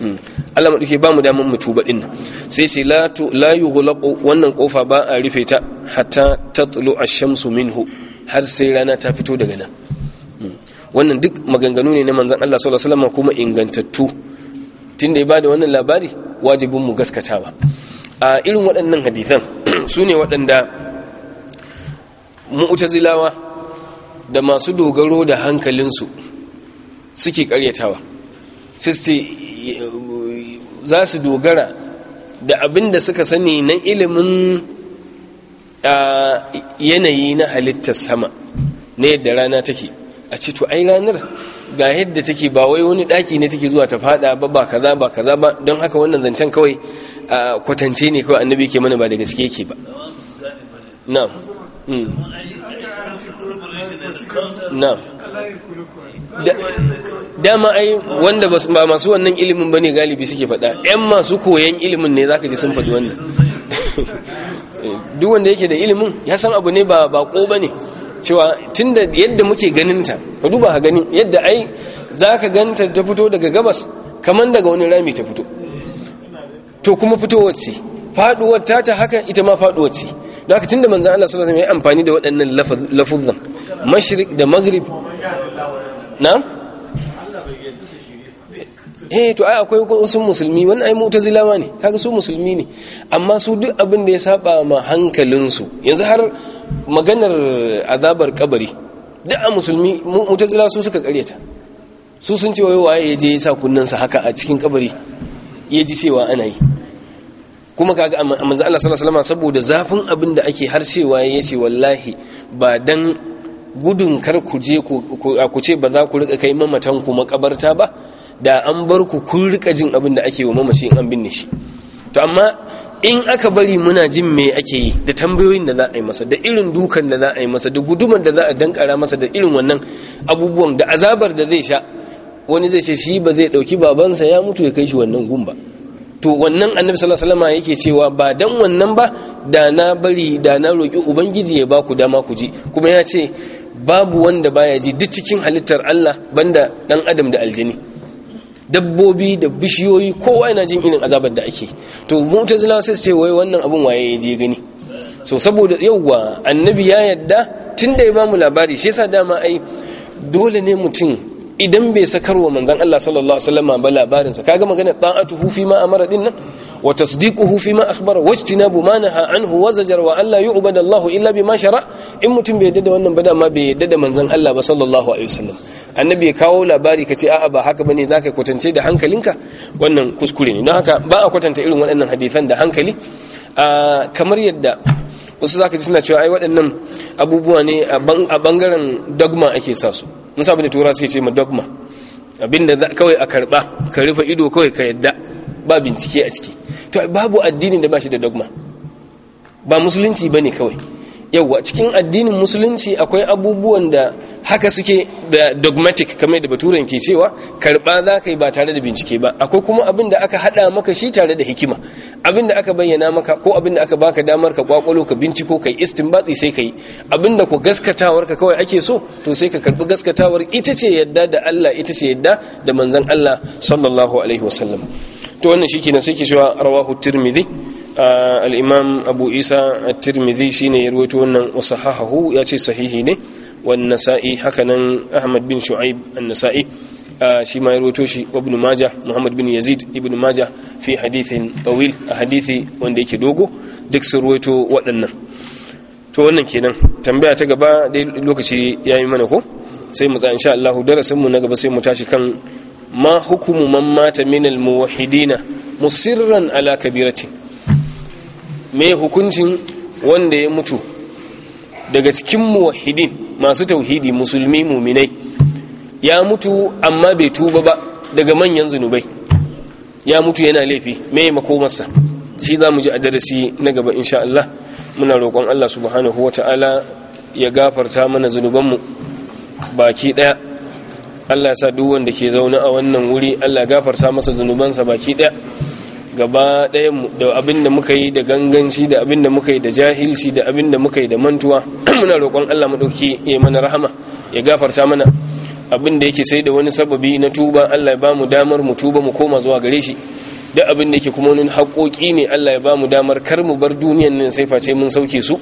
hmm. Allah maɗauki ba mu damar mutu baɗin nan sai sai la yi gulaƙo wannan ƙofa ba a rufe ta hatta ta tsulu a shamsu minhu har sai rana ta fito daga nan wannan duk maganganu ne na manzan Allah sallallahu alaihi wasallam kuma ingantattu tunda ya bada wannan labari wajibin mu gaskatawa a irin waɗannan hadisan <clears throat> su ne waɗanda mu'tazilawa da masu dogaro da hankalin su suke karyatawa sai za su dogara da abin da suka sani na ilimin yanayi na halittar sama na yadda rana take a ce to ai ranar ga yadda take ba wai wani daki ne take zuwa ta fada ba ba kaza ba kaza ba don haka wannan zancen kawai a kwatance ne kawai annabi ke mana ba da gaske yake ba hmm. dama ai wanda ba masu wannan ilimin ba ne galibi suke faɗa yan masu koyan ilimin ne zaka ji sun faɗi wannan <laughs> eh, duk wanda yake da ilimin ya san abu ne ba bako ne. cewa tunda yadda muke ganinta ka duba ka gani yadda ai za ka ganta ta fito daga gabas kaman daga wani rami ta fito to kuma fitowar ce faduwar ta ta haka ita ma faduwar ce da haka tunda manzan Allah sallallahu alaihi wasallam ya amfani da waɗannan lafuzan mashriq da maghrib na eh to ai akwai wasu musulmi wani ai mu'tazilawa ne kaga su musulmi ne amma su duk abin da ya saba ma hankalinsu yanzu har maganar azabar kabari duk a musulmi mu'tazila su suka karyata su sun ce wayo waye je ya sa kunnansa haka a cikin kabari ya ji cewa ana yi kuma kaga manzo Allah sallallahu alaihi wasallam saboda zafin abin da ake har cewa ya ce wallahi ba dan gudun kar ku je ku ce ba za ku rika kai mamatan ku makabarta ba da an bar ku kun rika jin abin da ake wa mamaci in an binne shi to amma in aka bari muna jin me ake yi da tambayoyin da za a yi masa da irin dukan da za a yi masa da guduman da za a dankara masa da irin wannan abubuwan da azabar da zai sha wani zai ce shi ba zai dauki babansa ya mutu ya kai shi wannan gumba to wannan annabi sallallahu alaihi wasallam yake cewa ba dan wannan ba da na bari da na roki ubangiji ya baku dama ku ji kuma ya ce babu wanda baya ji duk cikin halittar Allah banda dan adam da aljini dabbobi da bishiyoyi kowa yana jin irin azabar da ake to mu'tazila sai sai wai wannan abun waye ya je gani so saboda yauwa annabi ya yadda tunda ya bamu labari shi yasa dama ai dole ne mutum idan bai sakarwa manzan Allah sallallahu alaihi wasallam ba labarin sa kaga magana hu fi ma amara din nan wa tasdiquhu fi ma akhbara wajtinabu ma naha anhu wa zajar wa alla yu'bada Allah illa bima shara in mutum bai yadda da wannan ba dama bai yadda da manzan Allah ba sallallahu alaihi wasallam annabi ya kawo labari kace a'a ba haka bane zaka kwatance da hankalinka wannan kuskure ne don haka ba a kwatanta irin waɗannan hadisan da hankali kamar yadda wasu za zaka ji suna cewa ai waɗannan abubuwa ne a bangaren dogma ake sa su mun sabu da tura suke ce ma dogma abinda kawai a karba ka rufe ido kawai ka yadda ba bincike a ciki to babu addini da ba shi da dogma ba musulunci ba ne kawai yauwa cikin addinin musulunci akwai abubuwan da haka suke da dogmatic kamar da baturan ke cewa karba za ka yi ba tare da bincike ba akwai kuma abin da aka hada maka shi tare da hikima abin da aka bayyana maka ko abin da aka baka damar ka kwakwalo ka binciko ka yi istinbatsi sai ka yi abin da ku gaskatawar ka kawai ake so to sai ka karbi gaskatawar ita ce yadda da Allah ita ce yadda da manzon Allah sallallahu alaihi wasallam to wannan shi kenan sai ke cewa rawahu tirmidhi al-imam abu isa at-tirmidhi shine ya rawaito wannan wa sahahahu ya ce sahihi ne wan nasa'i hakanan ahmad bin shu'aib an-nasa'i shi ma ya rawaito shi ibn majah muhammad bin yazid ibn majah fi hadithin tawil a hadithi wanda yake dogo duk sun rawaito waɗannan to wannan kenan tambaya ta gaba dai lokaci yayi mana ko sai mu tsaya insha Allah darasin mu na gaba sai mu tashi kan ma hukumu mata minal muwahidina musirran ala kabiratin me hukuncin wanda ya mutu daga cikin muwahidin masu tauhidi musulmi muminai ya mutu amma bai tuba ba daga manyan zunubai ya mutu yana laifi me makomarsa shi za mu ji a darasi na gaba insha Allah muna roƙon Allah subhanahu ta'ala ya gafarta mana zunubanmu baki ɗaya Allah ya sa duk wanda ke zaune a wannan wuri Allah ya gafarta masa sa baki daya gaba daya da abin da muka yi da ganganci da abin da muka yi da jahilci da abin da muka yi da mantuwa <clears throat> muna roƙon Allah madauki ya mana rahama ya gafarta mana abin da yake sai da wani sababi na tuba Allah ya ba mu damar mu tuba mu koma zuwa gare shi da abin da ke kuma wani haƙoƙi ne Allah ya ba mu damar kar mu bar duniyan nan sai face mun sauke su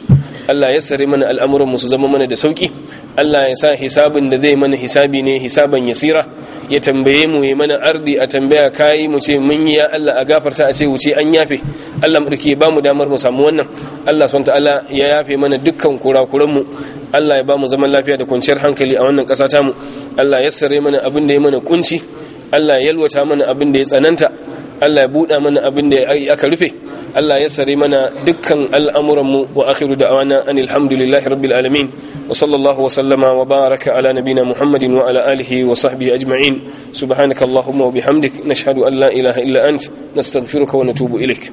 Allah ya sare mana al'amuran mu su zama mana da sauki Allah ya sa hisabin da zai mana hisabi ne hisaban yasira ya tambaye mu ya mana ardi a tambaya kai mu ce mun yi ya Allah a gafarta a ce wuce an yafe Allah mu dake mu damar mu samu wannan Allah subhanahu ta'ala ya yafe mana dukkan kurakuran mu Allah ya ba mu zaman lafiya da kwanciyar hankali a wannan ƙasa ta mu Allah ya sare mana abin da ya mana kunci Allah ya yalwata mana abin da ya tsananta Allah ya buɗa mana abin da aka rufe Allah ya sare mana dukkan al'amuranmu wa akhiru da'wana anil hamdulillahi rabbil alamin wa sallallahu wa sallama wa baraka ala nabina Muhammadin wa ala alihi wa sahbihi ajma'in subhanaka allahumma wa bihamdik nashhadu an la ilaha illa ant nastaghfiruka wa natubu ilaik